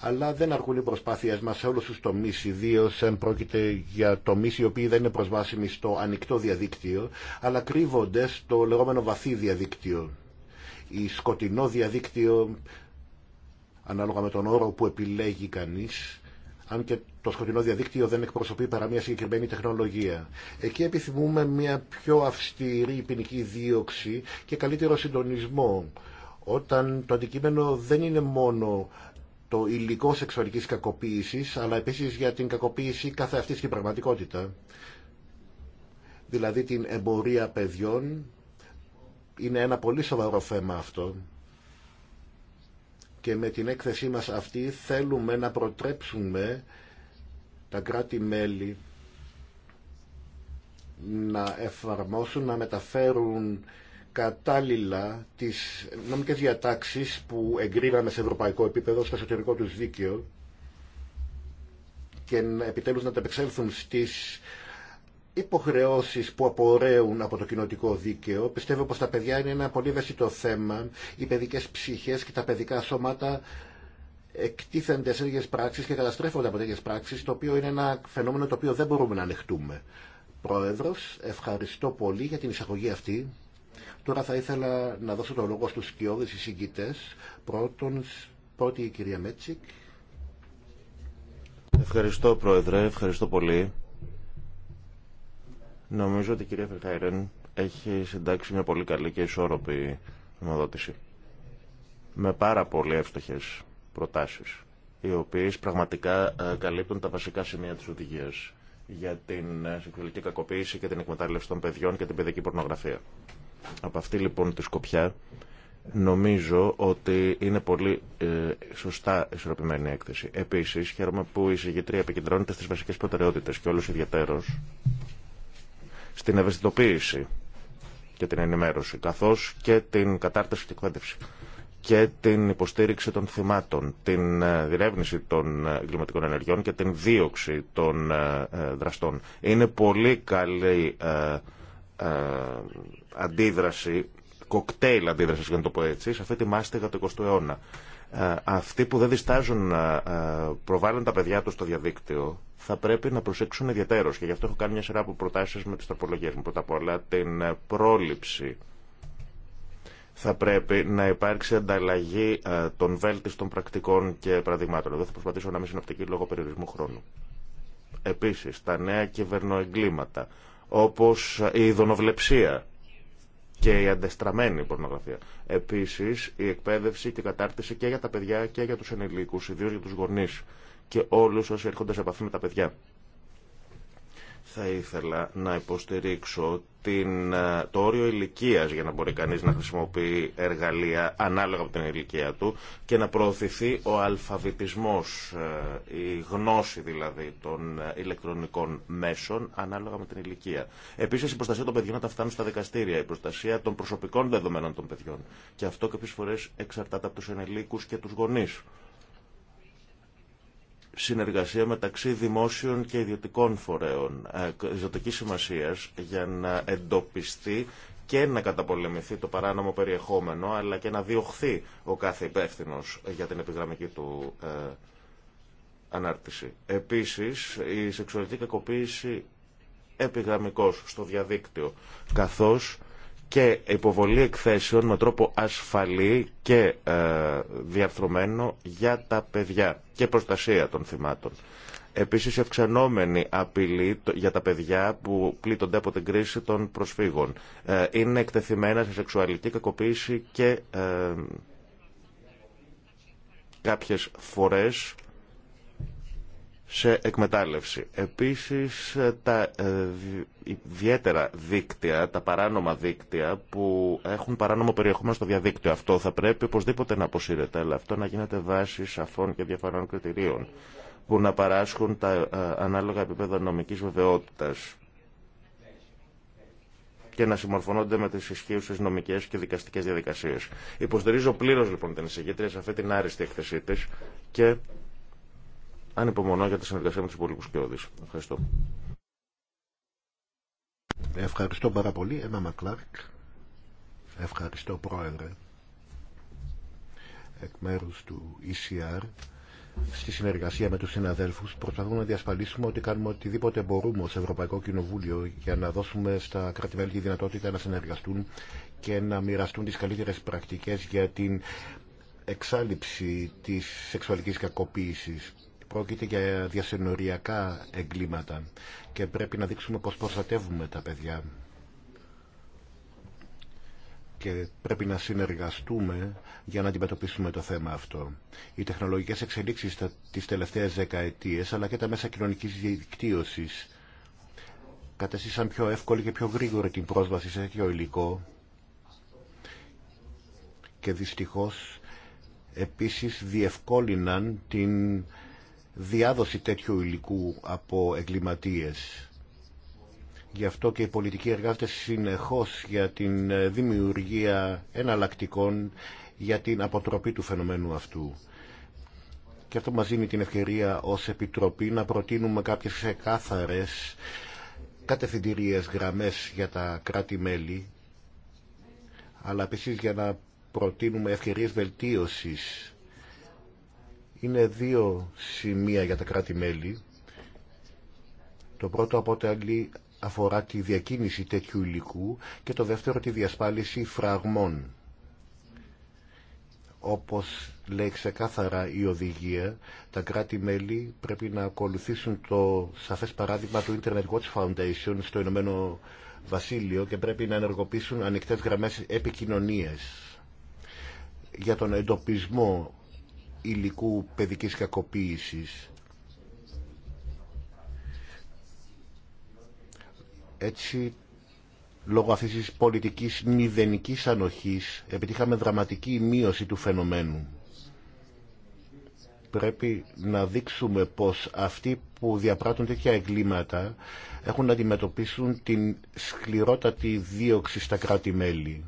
αλλά δεν αρκούν οι προσπάθειέ μας σε όλου του τομεί, ιδίω αν πρόκειται για τομεί οι οποίοι δεν είναι προσβάσιμοι στο ανοιχτό διαδίκτυο, αλλά κρύβονται στο λεγόμενο βαθύ διαδίκτυο ή σκοτεινό διαδίκτυο, ανάλογα με τον όρο που επιλέγει κανεί, αν και το σκοτεινό διαδίκτυο δεν εκπροσωπεί παρά μια συγκεκριμένη τεχνολογία. Εκεί επιθυμούμε μια πιο αυστηρή ποινική δίωξη και καλύτερο συντονισμό όταν το αντικείμενο δεν είναι μόνο το υλικό σεξουαλικής κακοποίηση, αλλά επίσης για την κακοποίηση κάθε αυτή στην πραγματικότητα. Δηλαδή την εμπορία παιδιών είναι ένα πολύ σοβαρό θέμα αυτό και με την έκθεσή μας αυτή θέλουμε να προτρέψουμε τα κράτη-μέλη να εφαρμόσουν, να μεταφέρουν κατάλληλα τις νομικές διατάξεις που εγκρίναμε σε ευρωπαϊκό επίπεδο στο εσωτερικό του δίκαιο και επιτέλους να ταπεξέλθουν στις υποχρεώσεις που απορρέουν από το κοινοτικό δίκαιο. Πιστεύω πως τα παιδιά είναι ένα πολύ ευαίσθητο θέμα. Οι παιδικές ψυχές και τα παιδικά σώματα εκτίθενται σε τέτοιες πράξεις και καταστρέφονται από τέτοιες πράξεις, το οποίο είναι ένα φαινόμενο το οποίο δεν μπορούμε να ανεχτούμε. Πρόεδρος, ευχαριστώ πολύ για την εισαγωγή αυτή. Τώρα θα ήθελα να δώσω το λόγο στους σκιώδες εισηγητές. Πρώτον, πρώτη η κυρία Μέτσικ. Ευχαριστώ Πρόεδρε, ευχαριστώ πολύ. Νομίζω ότι η κυρία Φερχάιρεν έχει συντάξει μια πολύ καλή και ισόρροπη νομοδότηση. Με πάρα πολύ εύστοχες προτάσεις, οι οποίες πραγματικά ε, καλύπτουν τα βασικά σημεία της οδηγίας για την ε, σεξουαλική κακοποίηση και την εκμετάλλευση των παιδιών και την παιδική πορνογραφία. Από αυτή λοιπόν τη σκοπιά νομίζω ότι είναι πολύ ε, σωστά ισορροπημένη έκθεση. Επίσης χαίρομαι που η συγγετρία επικεντρώνεται στις βασικές προτεραιότητες και όλος ιδιαίτερος στην ευαισθητοποίηση και την ενημέρωση, καθώς και την κατάρτιση και εκπαίδευση και την υποστήριξη των θυμάτων, την ε, διερεύνηση των ε, εγκληματικών ενεργειών και την δίωξη των δραστών. Είναι πολύ καλή ε, αντίδραση, κοκτέιλ αντίδραση, για να το πω έτσι, σε αυτή τη μάστιγα του 20ου αιώνα. Ε, αυτοί που δεν διστάζουν να ε, προβάλλουν τα παιδιά του στο διαδίκτυο θα πρέπει να προσέξουν ιδιαίτερω. Και γι' αυτό έχω κάνει μια σειρά από προτάσει με τι τροπολογίε μου. Πρώτα απ' όλα την πρόληψη. Θα πρέπει να υπάρξει ανταλλαγή των βέλτιστων πρακτικών και παραδειγμάτων. Εδώ θα προσπαθήσω να μην συνοπτική λόγω περιορισμού χρόνου. Επίση, τα νέα κυβερνοεγκλήματα όπως η ειδονοβλεψία και η αντεστραμμένη πορνογραφία. Επίσης, η εκπαίδευση και η κατάρτιση και για τα παιδιά και για τους ενηλίκους, ιδίως για τους γονείς και όλους όσοι έρχονται σε επαφή με τα παιδιά θα ήθελα να υποστηρίξω την, ε, το όριο ηλικία για να μπορεί κανεί να χρησιμοποιεί εργαλεία ανάλογα από την ηλικία του και να προωθηθεί ο αλφαβητισμός, ε, η γνώση δηλαδή των ε, ηλεκτρονικών μέσων ανάλογα με την ηλικία. Επίση, η προστασία των παιδιών να τα φτάνουν στα δικαστήρια, η προστασία των προσωπικών δεδομένων των παιδιών. Και αυτό κάποιε φορέ εξαρτάται από του ενηλίκου και του γονεί συνεργασία μεταξύ δημόσιων και ιδιωτικών φορέων ζωτικής ε, σημασίας για να εντοπιστεί και να καταπολεμηθεί το παράνομο περιεχόμενο αλλά και να διωχθεί ο κάθε υπεύθυνο για την επιγραμμική του ε, ανάρτηση. Επίσης, η σεξουαλική κακοποίηση επιγραμμικός στο διαδίκτυο καθώς και υποβολή εκθέσεων με τρόπο ασφαλή και ε, διαρθρωμένο για τα παιδιά και προστασία των θυμάτων. Επίσης, ευξανόμενη απειλή για τα παιδιά που πλήττονται από την κρίση των προσφύγων ε, είναι εκτεθειμένα σε σεξουαλική κακοποίηση και ε, κάποιες φορές σε εκμετάλλευση. Επίσης τα ε, ιδιαίτερα δίκτυα, τα παράνομα δίκτυα που έχουν παράνομο περιεχόμενο στο διαδίκτυο. Αυτό θα πρέπει οπωσδήποτε να αποσύρεται, αλλά αυτό να γίνεται βάση σαφών και διαφανών κριτηρίων που να παράσχουν τα ε, ανάλογα επίπεδα νομικής βεβαιότητας και να συμμορφωνόνται με τι ισχύουσε νομικέ και δικαστικέ διαδικασίε. Υποστηρίζω πλήρω λοιπόν την εισηγήτρια σε αυτή την άριστη εκθεσή τη και ανυπομονώ για τη συνεργασία με τους υπόλοιπους κοιόδης. Ευχαριστώ. Ευχαριστώ πάρα πολύ, Έμα Μακλάρκ. Ευχαριστώ, Πρόεδρε. Εκ μέρου του ECR, στη συνεργασία με τους συναδέλφους, προσπαθούμε να διασφαλίσουμε ότι κάνουμε οτιδήποτε μπορούμε ως Ευρωπαϊκό Κοινοβούλιο για να δώσουμε στα κρατημέλη τη δυνατότητα να συνεργαστούν και να μοιραστούν τις καλύτερες πρακτικές για την εξάλληψη της σεξουαλικής κακοποίηση πρόκειται για διασυνοριακά εγκλήματα και πρέπει να δείξουμε πως προστατεύουμε τα παιδιά και πρέπει να συνεργαστούμε για να αντιμετωπίσουμε το θέμα αυτό. Οι τεχνολογικές εξελίξεις τις τελευταίες δεκαετίες αλλά και τα μέσα κοινωνικής δικτύωσης κατέστησαν πιο εύκολη και πιο γρήγορη την πρόσβαση σε τέτοιο υλικό και δυστυχώς επίσης διευκόλυναν την διάδοση τέτοιου υλικού από εγκληματίες. Γι' αυτό και οι πολιτικοί εργάζονται συνεχώς για την ε, δημιουργία εναλλακτικών για την αποτροπή του φαινομένου αυτού. Και αυτό μας δίνει την ευκαιρία ως Επιτροπή να προτείνουμε κάποιες ξεκάθαρες κατευθυντηρίες γραμμές για τα κράτη-μέλη, αλλά επίσης για να προτείνουμε ευκαιρίες βελτίωσης είναι δύο σημεία για τα κράτη-μέλη. Το πρώτο από αφορά τη διακίνηση τέτοιου υλικού και το δεύτερο τη διασπάληση φραγμών. Όπως λέει ξεκάθαρα η οδηγία, τα κράτη-μέλη πρέπει να ακολουθήσουν το σαφές παράδειγμα του Internet Watch Foundation στο Ηνωμένο Βασίλειο και πρέπει να ενεργοποιήσουν ανοιχτές γραμμές επικοινωνίες για τον εντοπισμό υλικού παιδικής κακοποίησης. Έτσι, λόγω αυτής της πολιτικής μηδενικής ανοχής, επιτύχαμε δραματική μείωση του φαινομένου. Πρέπει να δείξουμε πως αυτοί που διαπράττουν τέτοια εγκλήματα έχουν να αντιμετωπίσουν την σκληρότατη δίωξη στα κράτη-μέλη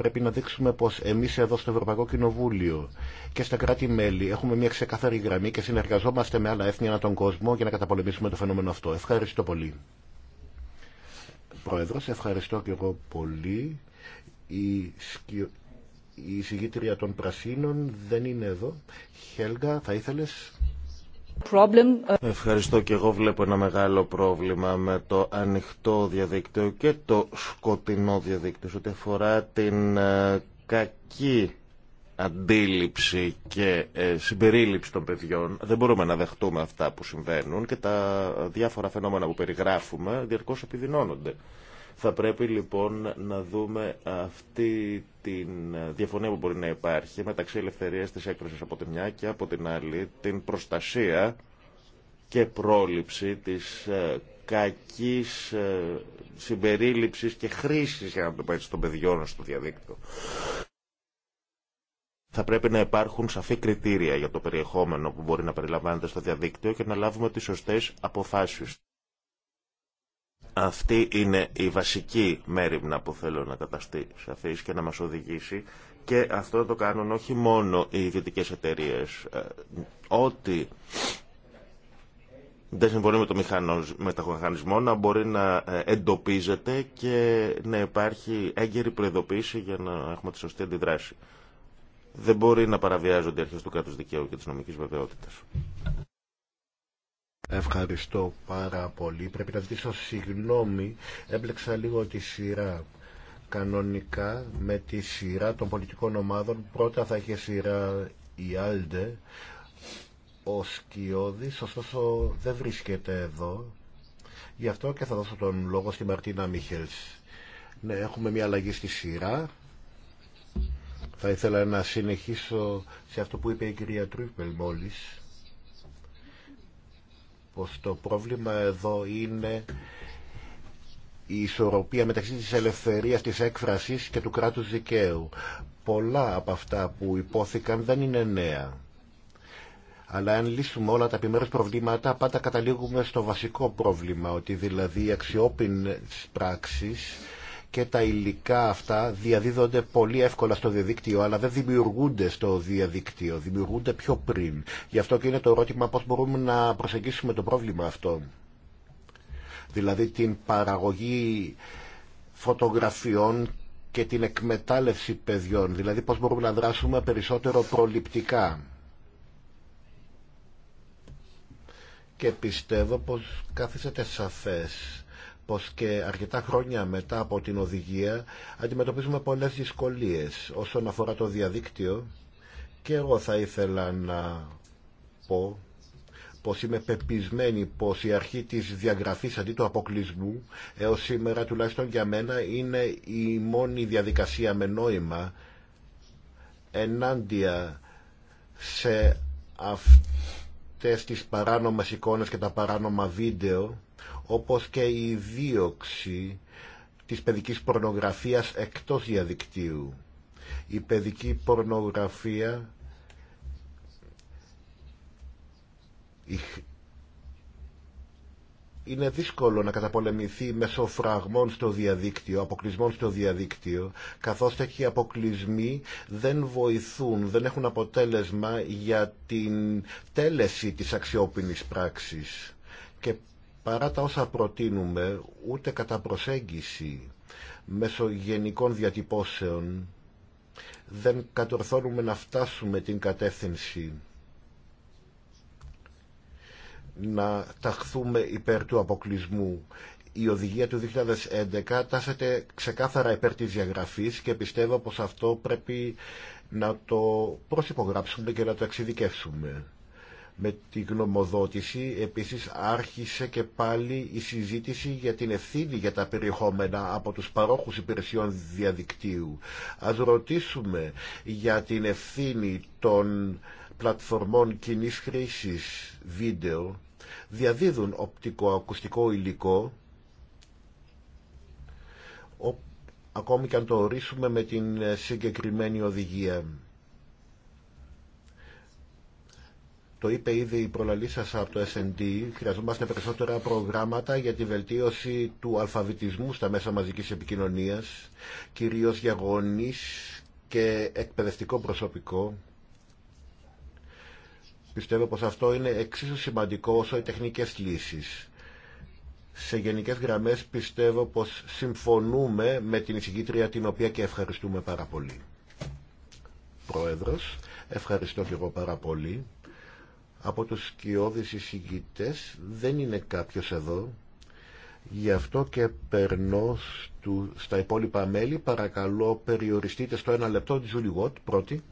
Πρέπει να δείξουμε πως εμείς εδώ στο Ευρωπαϊκό Κοινοβούλιο και στα κράτη-μέλη έχουμε μια ξεκάθαρη γραμμή και συνεργαζόμαστε με άλλα έθνη ανά τον κόσμο για να καταπολεμήσουμε το φαινόμενο αυτό. Ευχαριστώ πολύ. Πρόεδρος, ευχαριστώ και εγώ πολύ. Η, σκιο... η συγγήτρια των Πρασίνων δεν είναι εδώ. Χέλγα, θα ήθελες... Ε, Ευχαριστώ και εγώ βλέπω ένα μεγάλο πρόβλημα με το ανοιχτό διαδίκτυο και το σκοτεινό διαδίκτυο ό,τι αφορά την ε, κακή αντίληψη και ε, συμπερίληψη των παιδιών. Δεν μπορούμε να δεχτούμε αυτά που συμβαίνουν και τα διάφορα φαινόμενα που περιγράφουμε διαρκώς επιδεινώνονται. Θα πρέπει λοιπόν να δούμε αυτή τη διαφωνία που μπορεί να υπάρχει μεταξύ ελευθερία της έκφρασης από τη μια και από την άλλη την προστασία και πρόληψη της ε, κακής ε, συμπερίληψης και χρήσης, για να το πάει στον των παιδιών στο διαδίκτυο. Θα πρέπει να υπάρχουν σαφή κριτήρια για το περιεχόμενο που μπορεί να περιλαμβάνεται στο διαδίκτυο και να λάβουμε τις σωστές αποφάσεις. Αυτή είναι η βασική μέρημνα που θέλω να καταστεί σαφής και να μας οδηγήσει και αυτό το κάνουν όχι μόνο οι ιδιωτικές εταιρείες. Ε, ό,τι δεν συμφωνεί με, το μηχανισμό να μπορεί να ε, εντοπίζεται και να υπάρχει έγκαιρη προειδοποίηση για να έχουμε τη σωστή αντιδράση. Δεν μπορεί να παραβιάζονται οι αρχές του κράτους δικαίου και της νομικής βεβαιότητας. Ευχαριστώ πάρα πολύ. Πρέπει να ζητήσω συγγνώμη. Έμπλεξα λίγο τη σειρά. Κανονικά με τη σειρά των πολιτικών ομάδων πρώτα θα είχε σειρά η Άλντε. Ο Σκιώδης ωστόσο δεν βρίσκεται εδώ. Γι' αυτό και θα δώσω τον λόγο στη Μαρτίνα Μίχελς. Ναι, έχουμε μια αλλαγή στη σειρά. Θα ήθελα να συνεχίσω σε αυτό που είπε η κυρία Τρούπελ μόλις πως το πρόβλημα εδώ είναι η ισορροπία μεταξύ της ελευθερίας της έκφρασης και του κράτους δικαίου. Πολλά από αυτά που υπόθηκαν δεν είναι νέα. Αλλά αν λύσουμε όλα τα επιμέρους προβλήματα, πάντα καταλήγουμε στο βασικό πρόβλημα, ότι δηλαδή οι αξιόπινες πράξεις και τα υλικά αυτά διαδίδονται πολύ εύκολα στο διαδίκτυο, αλλά δεν δημιουργούνται στο διαδίκτυο, δημιουργούνται πιο πριν. Γι' αυτό και είναι το ερώτημα πώς μπορούμε να προσεγγίσουμε το πρόβλημα αυτό. Δηλαδή την παραγωγή φωτογραφιών και την εκμετάλλευση παιδιών, δηλαδή πώς μπορούμε να δράσουμε περισσότερο προληπτικά. Και πιστεύω πως κάθισετε σαφές πως και αρκετά χρόνια μετά από την οδηγία αντιμετωπίζουμε πολλές δυσκολίες όσον αφορά το διαδίκτυο και εγώ θα ήθελα να πω πως είμαι πεπισμένη πως η αρχή της διαγραφής αντί του αποκλεισμού έως σήμερα τουλάχιστον για μένα είναι η μόνη διαδικασία με νόημα ενάντια σε αυτές τις παράνομες εικόνες και τα παράνομα βίντεο όπως και η δίωξη της παιδικής πορνογραφίας εκτός διαδικτύου. Η παιδική πορνογραφία είναι δύσκολο να καταπολεμηθεί μέσω φραγμών στο διαδίκτυο, αποκλεισμών στο διαδίκτυο, καθώς οι αποκλεισμοί δεν βοηθούν, δεν έχουν αποτέλεσμα για την τέλεση της αξιόπινης πράξης. Και παρά τα όσα προτείνουμε, ούτε κατά προσέγγιση μέσω γενικών διατυπώσεων δεν κατορθώνουμε να φτάσουμε την κατεύθυνση να ταχθούμε υπέρ του αποκλεισμού. Η οδηγία του 2011 τάσεται ξεκάθαρα υπέρ της διαγραφής και πιστεύω πως αυτό πρέπει να το προσυπογράψουμε και να το εξειδικεύσουμε. Με τη γνωμοδότηση επίσης άρχισε και πάλι η συζήτηση για την ευθύνη για τα περιεχόμενα από τους παρόχους υπηρεσιών διαδικτύου. Ας ρωτήσουμε για την ευθύνη των πλατφορμών κοινής χρήσης βίντεο διαδίδουν οπτικοακουστικό υλικό ακόμη και αν το ορίσουμε με την συγκεκριμένη οδηγία. Το είπε ήδη η προλαλή σα από το S&D. Χρειαζόμαστε περισσότερα προγράμματα για τη βελτίωση του αλφαβητισμού στα μέσα μαζικής επικοινωνίας, κυρίως για γονείς και εκπαιδευτικό προσωπικό. Πιστεύω πως αυτό είναι εξίσου σημαντικό όσο οι τεχνικές λύσεις. Σε γενικές γραμμές πιστεύω πως συμφωνούμε με την εισηγήτρια την οποία και ευχαριστούμε πάρα πολύ. Πρόεδρος, ευχαριστώ και εγώ πάρα πολύ από τους σκιώδεις εισηγητές δεν είναι κάποιος εδώ γι' αυτό και περνώ στου, στα υπόλοιπα μέλη παρακαλώ περιοριστείτε στο ένα λεπτό Ζούλη Γουότ πρώτη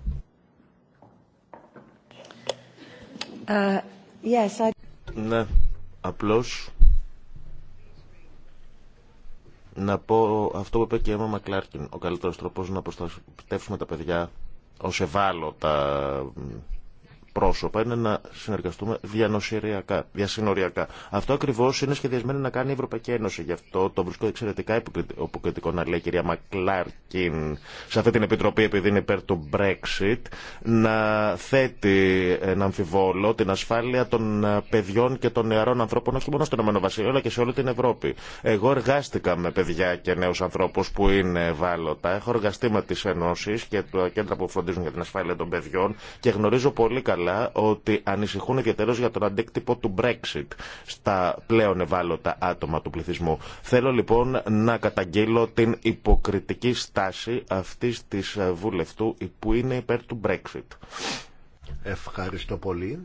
uh, yes, I... Ναι, απλώς να πω αυτό που είπε και η Έμα Μακλάρκιν ο καλύτερος τρόπος να προστατεύσουμε τα παιδιά ως ευάλωτα πρόσωπα είναι να συνεργαστούμε διασυνοριακά. Αυτό ακριβώ είναι σχεδιασμένο να κάνει η Ευρωπαϊκή Ένωση. Γι' αυτό το βρίσκω εξαιρετικά υποκριτικό να λέει η κυρία Μακλάρκιν σε αυτή την επιτροπή, επειδή είναι υπέρ του Brexit, να θέτει ένα αμφιβόλο την ασφάλεια των ε, παιδιών και των νεαρών ανθρώπων, όχι μόνο στον Ηνωμένο αλλά και σε όλη την Ευρώπη. Εγώ εργάστηκα με παιδιά και νέου ανθρώπου που είναι ευάλωτα. Έχω εργαστεί με τι ενώσει και τα κέντρα που φροντίζουν για την ασφάλεια των παιδιών και γνωρίζω πολύ καλά καλά ότι ανησυχούν ιδιαίτερω για τον αντίκτυπο του Brexit στα πλέον ευάλωτα άτομα του πληθυσμού. Θέλω λοιπόν να καταγγείλω την υποκριτική στάση αυτής της βουλευτού που είναι υπέρ του Brexit. Ευχαριστώ πολύ.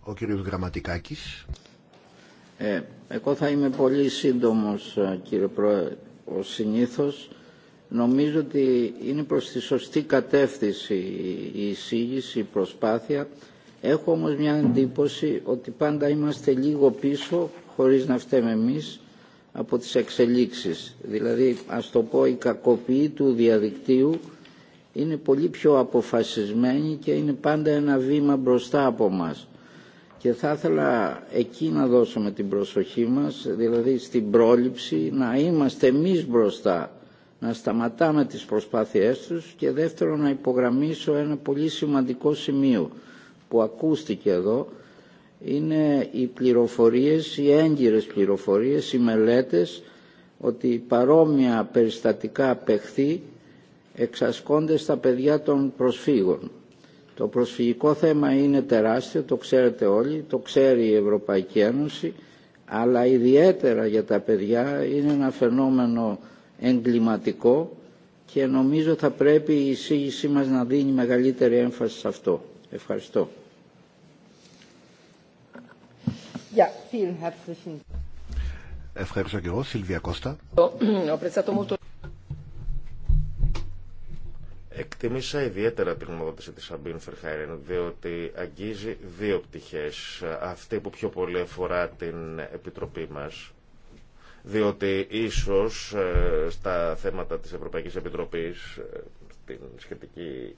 Ο κύριος Γραμματικάκης. Ε, εγώ θα είμαι πολύ σύντομος ε, κύριε Πρόεδρε. Ο συνήθως Νομίζω ότι είναι προς τη σωστή κατεύθυνση η εισήγηση, η προσπάθεια. Έχω όμως μια εντύπωση ότι πάντα είμαστε λίγο πίσω, χωρίς να φταίμε εμείς, από τις εξελίξεις. Δηλαδή, ας το πω, η κακοποιή του διαδικτύου είναι πολύ πιο αποφασισμένη και είναι πάντα ένα βήμα μπροστά από μας. Και θα ήθελα εκεί να δώσουμε την προσοχή μας, δηλαδή στην πρόληψη, να είμαστε εμείς μπροστά να σταματάμε τις προσπάθειές τους και δεύτερον να υπογραμμίσω ένα πολύ σημαντικό σημείο που ακούστηκε εδώ είναι οι πληροφορίες, οι έγκυρες πληροφορίες, οι μελέτες ότι παρόμοια περιστατικά απεχθεί εξασκώνται στα παιδιά των προσφύγων. Το προσφυγικό θέμα είναι τεράστιο, το ξέρετε όλοι, το ξέρει η Ευρωπαϊκή Ένωση, αλλά ιδιαίτερα για τα παιδιά είναι ένα φαινόμενο εγκληματικό και νομίζω θα πρέπει η εισήγησή μας να δίνει μεγαλύτερη έμφαση σε αυτό. Ευχαριστώ. Ευχαριστώ και εγώ, Σιλβία Κώστα. Εκτίμησα ιδιαίτερα την γνωμοδότηση της Σαμπίν Φερχάριν, διότι αγγίζει δύο πτυχές. Αυτή που πιο πολύ αφορά την Επιτροπή μας, διότι ίσως ε, στα θέματα της Ευρωπαϊκής Επιτροπής ε, στην σχετική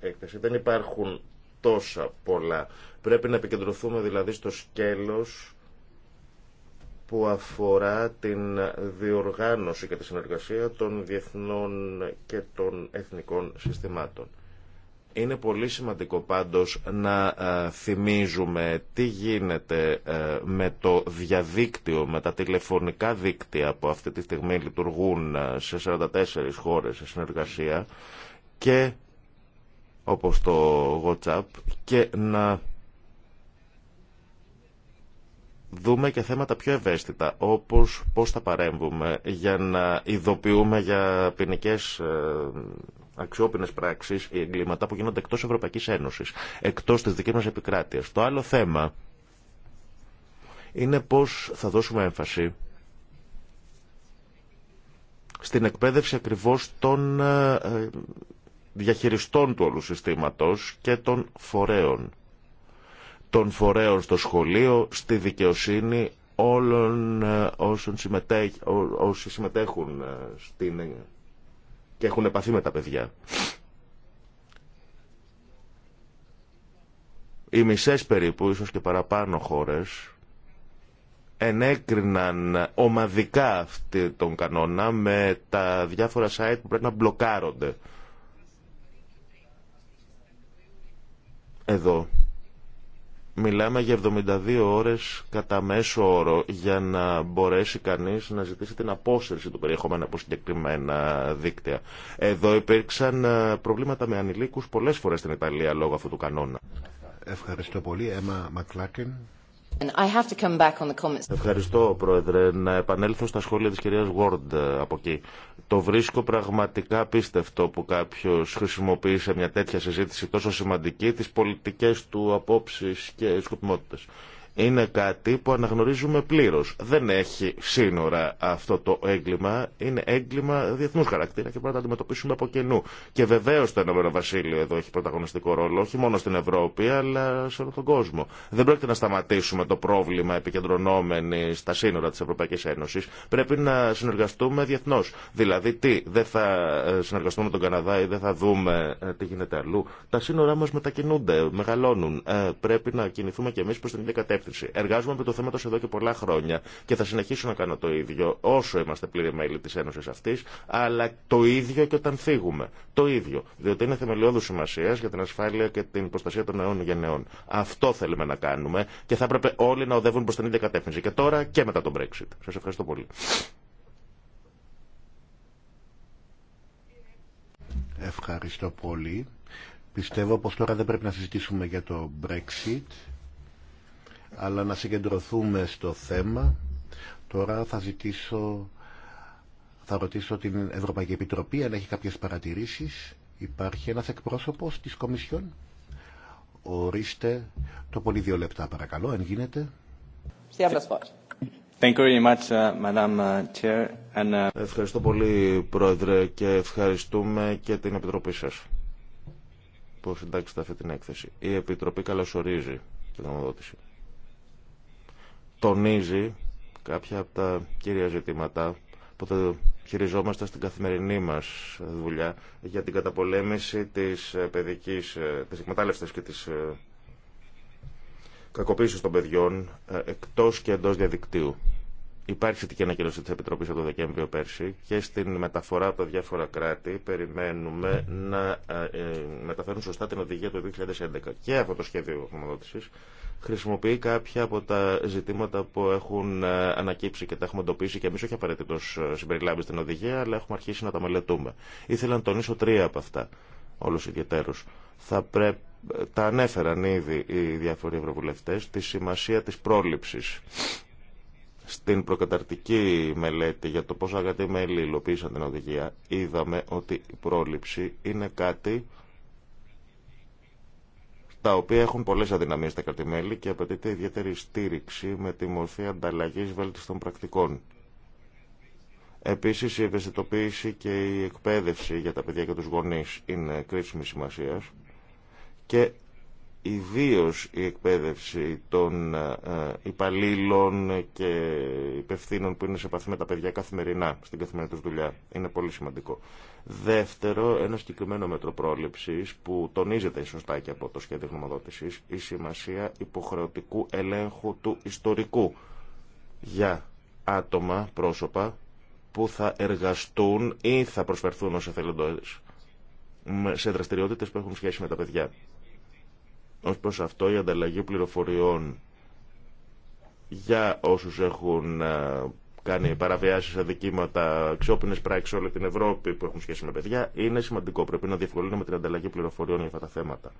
έκθεση δεν υπάρχουν τόσα πολλά. Πρέπει να επικεντρωθούμε δηλαδή στο σκέλος που αφορά την διοργάνωση και τη συνεργασία των διεθνών και των εθνικών συστημάτων. Είναι πολύ σημαντικό πάντως να ε, θυμίζουμε τι γίνεται ε, με το διαδίκτυο, με τα τηλεφωνικά δίκτυα που αυτή τη στιγμή λειτουργούν ε, σε 44 χώρες σε συνεργασία και όπως το WhatsApp και να δούμε και θέματα πιο ευαίσθητα, όπως πώς θα παρέμβουμε για να ειδοποιούμε για ποινικέ αξιόπινε πράξει ή εγκλήματα που γίνονται εκτό Ευρωπαϊκή Ένωση, εκτό τη δική μα επικράτεια. Το άλλο θέμα είναι πώ θα δώσουμε έμφαση στην εκπαίδευση ακριβώς των ε, ε, διαχειριστών του όλου συστήματος και των φορέων. Των φορέων στο σχολείο, στη δικαιοσύνη όλων ε, όσων όσοι συμμετέχουν στην και έχουν επαφή με τα παιδιά. Οι μισές περίπου, ίσως και παραπάνω χώρες, ενέκριναν ομαδικά αυτή τον κανόνα με τα διάφορα site που πρέπει να μπλοκάρονται. Εδώ Μιλάμε για 72 ώρες κατά μέσο όρο για να μπορέσει κανείς να ζητήσει την απόσυρση του περιεχομένου από συγκεκριμένα δίκτυα. Εδώ υπήρξαν ε, προβλήματα με ανηλίκους πολλές φορές στην Ιταλία λόγω αυτού του κανόνα. Ευχαριστώ πολύ. Έμα Μακλάκεν. Ευχαριστώ, Πρόεδρε. Να επανέλθω στα σχόλια της κυρίας Ward ε, από εκεί. Το βρίσκω πραγματικά πίστευτο που κάποιος χρησιμοποιεί σε μια τέτοια συζήτηση τόσο σημαντική τις πολιτικές του απόψεις και σκοπιμότητες. Είναι κάτι που αναγνωρίζουμε πλήρως. Δεν έχει σύνορα αυτό το έγκλημα. Είναι έγκλημα διεθνούς χαρακτήρα και πρέπει να το αντιμετωπίσουμε από κενού. Και βεβαίως το Ενωμένο Βασίλειο εδώ έχει πρωταγωνιστικό ρόλο, όχι μόνο στην Ευρώπη, αλλά σε όλο τον κόσμο. Δεν πρέπει να σταματήσουμε το πρόβλημα επικεντρωνόμενοι στα σύνορα της Ευρωπαϊκής Πρέπει να συνεργαστούμε διεθνώς. Δηλαδή τι, δεν θα ε, συνεργαστούμε με τον Καναδά ή δεν θα δούμε ε, τι γίνεται αλλού. Τα σύνορά μας μετακινούνται, μεγαλώνουν. Ε, πρέπει να κινηθούμε και εμείς προς την ίδια κατεύθυνση Εργάζομαι με το θέμα του εδώ και πολλά χρόνια και θα συνεχίσω να κάνω το ίδιο όσο είμαστε πλήρη μέλη τη Ένωση αυτή, αλλά το ίδιο και όταν φύγουμε. Το ίδιο. Διότι είναι θεμελιώδου σημασία για την ασφάλεια και την προστασία των νεών γενεών. Αυτό θέλουμε να κάνουμε και θα έπρεπε όλοι να οδεύουν προ την ίδια κατεύθυνση. Και τώρα και μετά τον Brexit. Σα ευχαριστώ πολύ. Ευχαριστώ πολύ. Πιστεύω πως τώρα δεν πρέπει να συζητήσουμε για το Brexit αλλά να συγκεντρωθούμε στο θέμα. Τώρα θα ζητήσω, θα ρωτήσω την Ευρωπαϊκή Επιτροπή αν έχει κάποιες παρατηρήσεις. Υπάρχει ένας εκπρόσωπος της Κομισιόν. Ορίστε το πολύ δύο λεπτά παρακαλώ, αν γίνεται. Thank you very much, uh, Madam uh, Chair. And... Uh, Ευχαριστώ πολύ, Πρόεδρε, και ευχαριστούμε και την Επιτροπή σας που συντάξετε αυτή την έκθεση. Η Επιτροπή καλωσορίζει την ομοδότηση τονίζει κάποια από τα κύρια ζητήματα που το χειριζόμαστε στην καθημερινή μας δουλειά για την καταπολέμηση της ε, παιδικής, ε, της εκμετάλλευσης και της ε, κακοποίησης των παιδιών εκτός και εντός διαδικτύου. Υπάρχει σχετική ανακοίνωση τη Επιτροπή από το Δεκέμβριο πέρσι και στην μεταφορά από τα διάφορα κράτη περιμένουμε να ε, ε, μεταφέρουν σωστά την οδηγία του 2011. Και αυτό το σχέδιο χρηματοδότηση χρησιμοποιεί κάποια από τα ζητήματα που έχουν ε, ανακύψει και τα έχουμε εντοπίσει και εμεί όχι απαραίτητο συμπεριλάβει στην οδηγία, αλλά έχουμε αρχίσει να τα μελετούμε. Ήθελα να τονίσω τρία από αυτά, όλου ιδιαίτερου. Θα τα ανέφεραν ήδη οι διάφοροι ευρωβουλευτέ, τη σημασία τη πρόληψη. Στην προκαταρτική μελέτη για το πώς αγαπητοί μέλη υλοποίησαν την οδηγία, είδαμε ότι η πρόληψη είναι κάτι τα οποία έχουν πολλέ αδυναμίες στα κρατημέλη και απαιτείται ιδιαίτερη στήριξη με τη μορφή ανταλλαγής βέλτιστων πρακτικών. Επίσης, η ευαισθητοποίηση και η εκπαίδευση για τα παιδιά και τους γονείς είναι κρίσιμη σημασία και ιδίως η εκπαίδευση των ε, ε, υπαλλήλων και υπευθύνων που είναι σε επαφή με τα παιδιά καθημερινά, στην καθημερινή τους δουλειά. Είναι πολύ σημαντικό. Δεύτερο, ένα συγκεκριμένο μέτρο πρόληψης που τονίζεται σωστά και από το σχέδιο γνωμοδότησης, η σημασία υποχρεωτικού ελέγχου του ιστορικού για άτομα, πρόσωπα, που θα εργαστούν ή θα προσφερθούν ως εθελοντές σε δραστηριότητες που έχουν σχέση με τα παιδιά. Ως προς αυτό η ανταλλαγή πληροφοριών για όσους έχουν ε, κάνει παραβιάσεις, αδικήματα, αξιόπινες πράξεις όλη την Ευρώπη που έχουν σχέση με παιδιά είναι σημαντικό. Πρέπει να διευκολύνουμε την ανταλλαγή πληροφοριών για αυτά τα θέματα.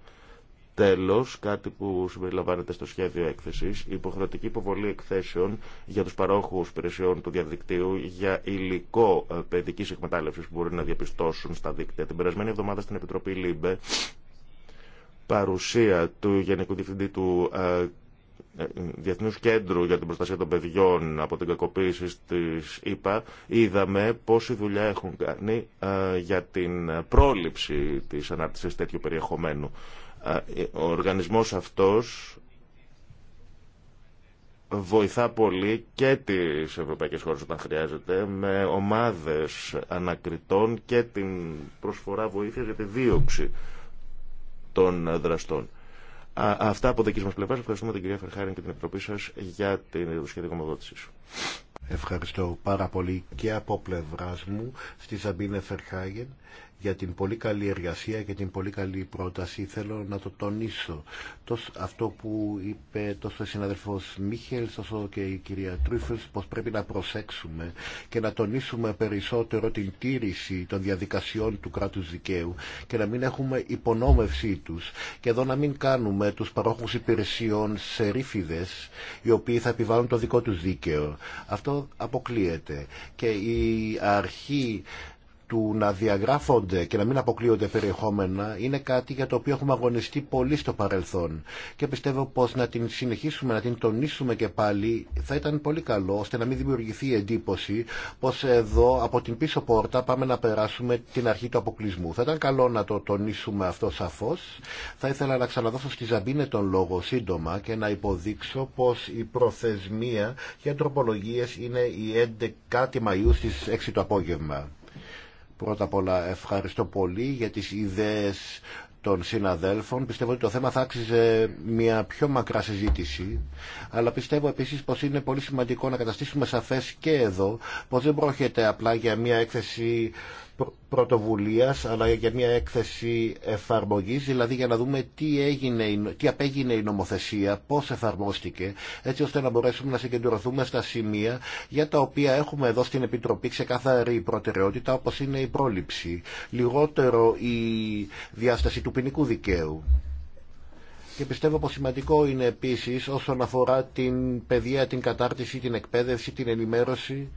Τέλος, κάτι που συμπεριλαμβάνεται στο σχέδιο έκθεσης, η υποχρεωτική υποβολή εκθέσεων για τους παρόχους υπηρεσιών του διαδικτύου για υλικό ε, παιδικής εκμετάλλευσης που μπορεί να διαπιστώσουν στα δίκτυα. Την περασμένη εβδομάδα στην Επιτροπή ΛΥΜΠΕ παρουσία του Γενικού Διευθυντή του ε, ε, Διεθνούς Κέντρου για την Προστασία των Παιδιών από την κακοποίηση της ΕΠΑ είδαμε πόση δουλειά έχουν κάνει ε, για την πρόληψη της ανάπτυξης τέτοιου περιεχομένου. Ο οργανισμός αυτός βοηθά πολύ και τις ευρωπαϊκές χώρες όταν χρειάζεται με ομάδες ανακριτών και την προσφορά βοήθειας για τη δίωξη των δραστών. Αυτά από δική μα πλευρά. Ευχαριστούμε την κυρία Φερχάριν και την Επιτροπή σα για την σχετική ομοδότησή σου. Ευχαριστώ πάρα πολύ και από πλευρά μου στη Σαμπίνε Φερχάγεν για την πολύ καλή εργασία και την πολύ καλή πρόταση. Θέλω να το τονίσω. Τόσο αυτό που είπε τόσο ο συναδελφός Μίχελ, όσο και η κυρία πως πρέπει να προσέξουμε και να τονίσουμε περισσότερο την τήρηση των διαδικασιών του κράτους δικαίου και να μην έχουμε υπονόμευσή τους. Και εδώ να μην κάνουμε τους παρόχους υπηρεσιών σε οι οποίοι θα επιβάλλουν το δικό τους δίκαιο. Αυτό αποκλείεται. Και η αρχή του να διαγράφονται και να μην αποκλείονται περιεχόμενα είναι κάτι για το οποίο έχουμε αγωνιστεί πολύ στο παρελθόν και πιστεύω πως να την συνεχίσουμε, να την τονίσουμε και πάλι θα ήταν πολύ καλό ώστε να μην δημιουργηθεί η εντύπωση πως εδώ από την πίσω πόρτα πάμε να περάσουμε την αρχή του αποκλεισμού. Θα ήταν καλό να το τονίσουμε αυτό σαφώς. Θα ήθελα να ξαναδώσω στη Ζαμπίνε τον λόγο σύντομα και να υποδείξω πως η προθεσμία για τροπολογίες είναι η 11η Μαΐου στις 6 το απόγευμα. Πρώτα απ' όλα ευχαριστώ πολύ για τις ιδέες των συναδέλφων. Πιστεύω ότι το θέμα θα άξιζε μια πιο μακρά συζήτηση, αλλά πιστεύω επίσης πως είναι πολύ σημαντικό να καταστήσουμε σαφές και εδώ πως δεν πρόκειται απλά για μια έκθεση Πρωτοβουλία αλλά για μια έκθεση εφαρμογής δηλαδή για να δούμε τι, έγινε, τι απέγινε η νομοθεσία πώς εφαρμόστηκε έτσι ώστε να μπορέσουμε να συγκεντρωθούμε στα σημεία για τα οποία έχουμε εδώ στην Επιτροπή ξεκάθαρη προτεραιότητα όπως είναι η πρόληψη λιγότερο η διάσταση του ποινικού δικαίου και πιστεύω πως σημαντικό είναι επίσης όσον αφορά την παιδεία, την κατάρτιση, την εκπαίδευση, την ενημέρωση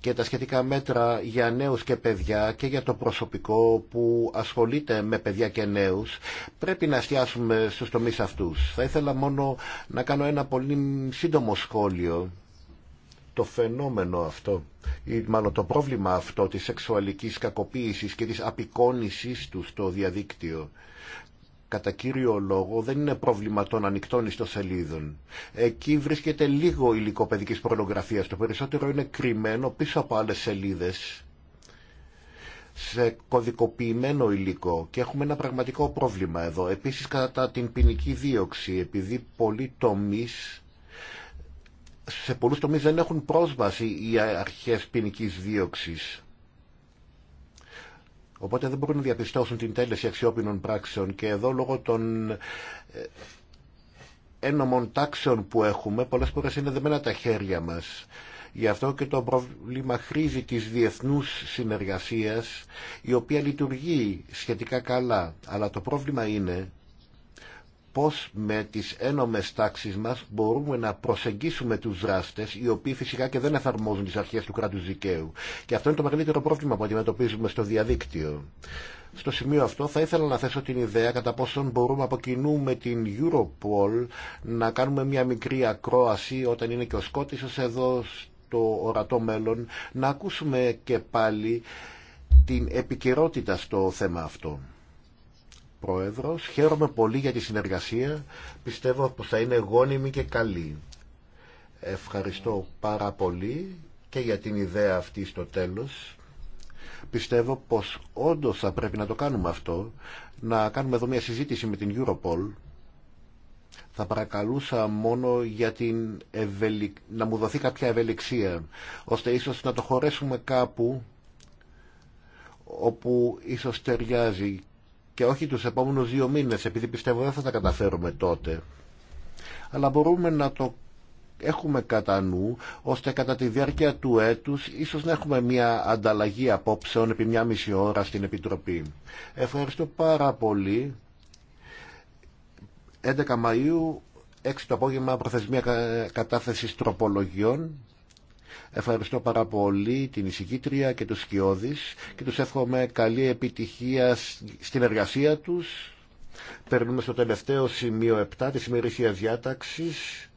και τα σχετικά μέτρα για νέους και παιδιά και για το προσωπικό που ασχολείται με παιδιά και νέους πρέπει να εστιάσουμε στους τομείς αυτούς. Θα ήθελα μόνο να κάνω ένα πολύ σύντομο σχόλιο το φαινόμενο αυτό ή μάλλον το πρόβλημα αυτό της σεξουαλικής κακοποίησης και της απεικόνησής του στο διαδίκτυο κατά κύριο λόγο δεν είναι πρόβλημα των ανοιχτών ιστοσελίδων. Εκεί βρίσκεται λίγο υλικό παιδική Το περισσότερο είναι κρυμμένο πίσω από άλλες σελίδες σε κωδικοποιημένο υλικό και έχουμε ένα πραγματικό πρόβλημα εδώ. Επίσης κατά την ποινική δίωξη, επειδή πολλοί τομείς σε πολλούς τομείς δεν έχουν πρόσβαση οι αρχές ποινική δίωξης. Οπότε δεν μπορούν να διαπιστώσουν την τέλεση αξιόπινων πράξεων και εδώ λόγω των ε, ένομων τάξεων που έχουμε πολλές φορές είναι δεμένα τα χέρια μας. Γι' αυτό και το πρόβλημα χρήζει της διεθνούς συνεργασίας η οποία λειτουργεί σχετικά καλά. Αλλά το πρόβλημα είναι πώς με τις ένομες τάξεις μας μπορούμε να προσεγγίσουμε τους δράστες οι οποίοι φυσικά και δεν εφαρμόζουν τις αρχές του κράτους δικαίου. Και αυτό είναι το μεγαλύτερο πρόβλημα που αντιμετωπίζουμε στο διαδίκτυο. Στο σημείο αυτό θα ήθελα να θέσω την ιδέα κατά πόσον μπορούμε από κοινού με την Europol να κάνουμε μια μικρή ακρόαση όταν είναι και ο Σκότισος εδώ στο ορατό μέλλον να ακούσουμε και πάλι την επικαιρότητα στο θέμα αυτό. Πρόεδρος. Χαίρομαι πολύ για τη συνεργασία. Πιστεύω πως θα είναι γόνιμη και καλή. Ευχαριστώ πάρα πολύ και για την ιδέα αυτή στο τέλος. Πιστεύω πως όντως θα πρέπει να το κάνουμε αυτό, να κάνουμε εδώ μια συζήτηση με την Europol. Θα παρακαλούσα μόνο για την να μου δοθεί κάποια ευελιξία, ώστε ίσως να το χωρέσουμε κάπου όπου ίσως ταιριάζει και όχι τους επόμενους δύο μήνες επειδή πιστεύω δεν θα τα καταφέρουμε τότε αλλά μπορούμε να το έχουμε κατά νου ώστε κατά τη διάρκεια του έτους ίσως να έχουμε μια ανταλλαγή απόψεων επί μια μισή ώρα στην Επιτροπή. Ευχαριστώ πάρα πολύ. 11 Μαΐου, 6 το απόγευμα, προθεσμία κατάθεσης τροπολογιών. Ευχαριστώ πάρα πολύ την εισηγήτρια και τους Σκιώδης και τους εύχομαι καλή επιτυχία στην εργασία τους. Περνούμε στο τελευταίο σημείο 7 της ημερήσιας διάταξης.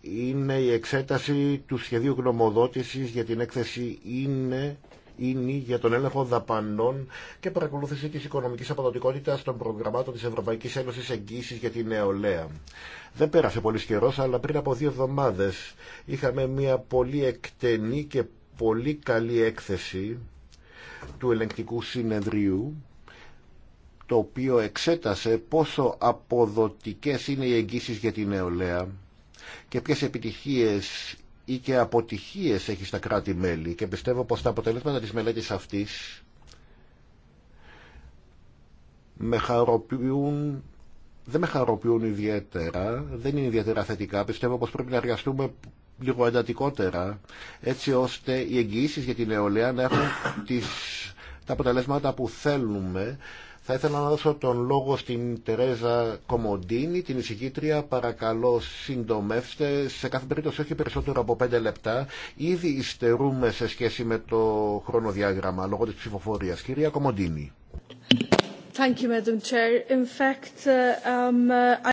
Είναι η εξέταση του σχεδίου γνωμοδότησης για την έκθεση είναι είναι για τον έλεγχο δαπανών και παρακολούθηση της οικονομικής αποδοτικότητας των προγραμμάτων της Ευρωπαϊκής Ένωσης Εγγύησης για την Νεολαία. Δεν πέρασε πολύ καιρό, αλλά πριν από δύο εβδομάδες είχαμε μια πολύ εκτενή και πολύ καλή έκθεση του ελεγκτικού συνεδρίου το οποίο εξέτασε πόσο αποδοτικές είναι οι εγγύσεις για την νεολαία και ποιες επιτυχίες ή και αποτυχίες έχει στα κράτη-μέλη και πιστεύω πως τα αποτελέσματα της μελέτης αυτής με δεν με χαροποιούν ιδιαίτερα, δεν είναι ιδιαίτερα θετικά. Πιστεύω πως πρέπει να εργαστούμε λίγο εντατικότερα έτσι ώστε οι εγγυήσει για την νεολαία να έχουν τις, τα αποτελέσματα που θέλουμε θα ήθελα να δώσω τον λόγο στην Τερέζα Κομοντίνη, την εισηγήτρια. Παρακαλώ, συντομεύστε. Σε κάθε περίπτωση, όχι περισσότερο από πέντε λεπτά. Ήδη υστερούμε σε σχέση με το χρονοδιάγραμμα λόγω τη ψηφοφορία. Κυρία Κομοντίνη. Thank you, Madam Chair. In fact, uh, um,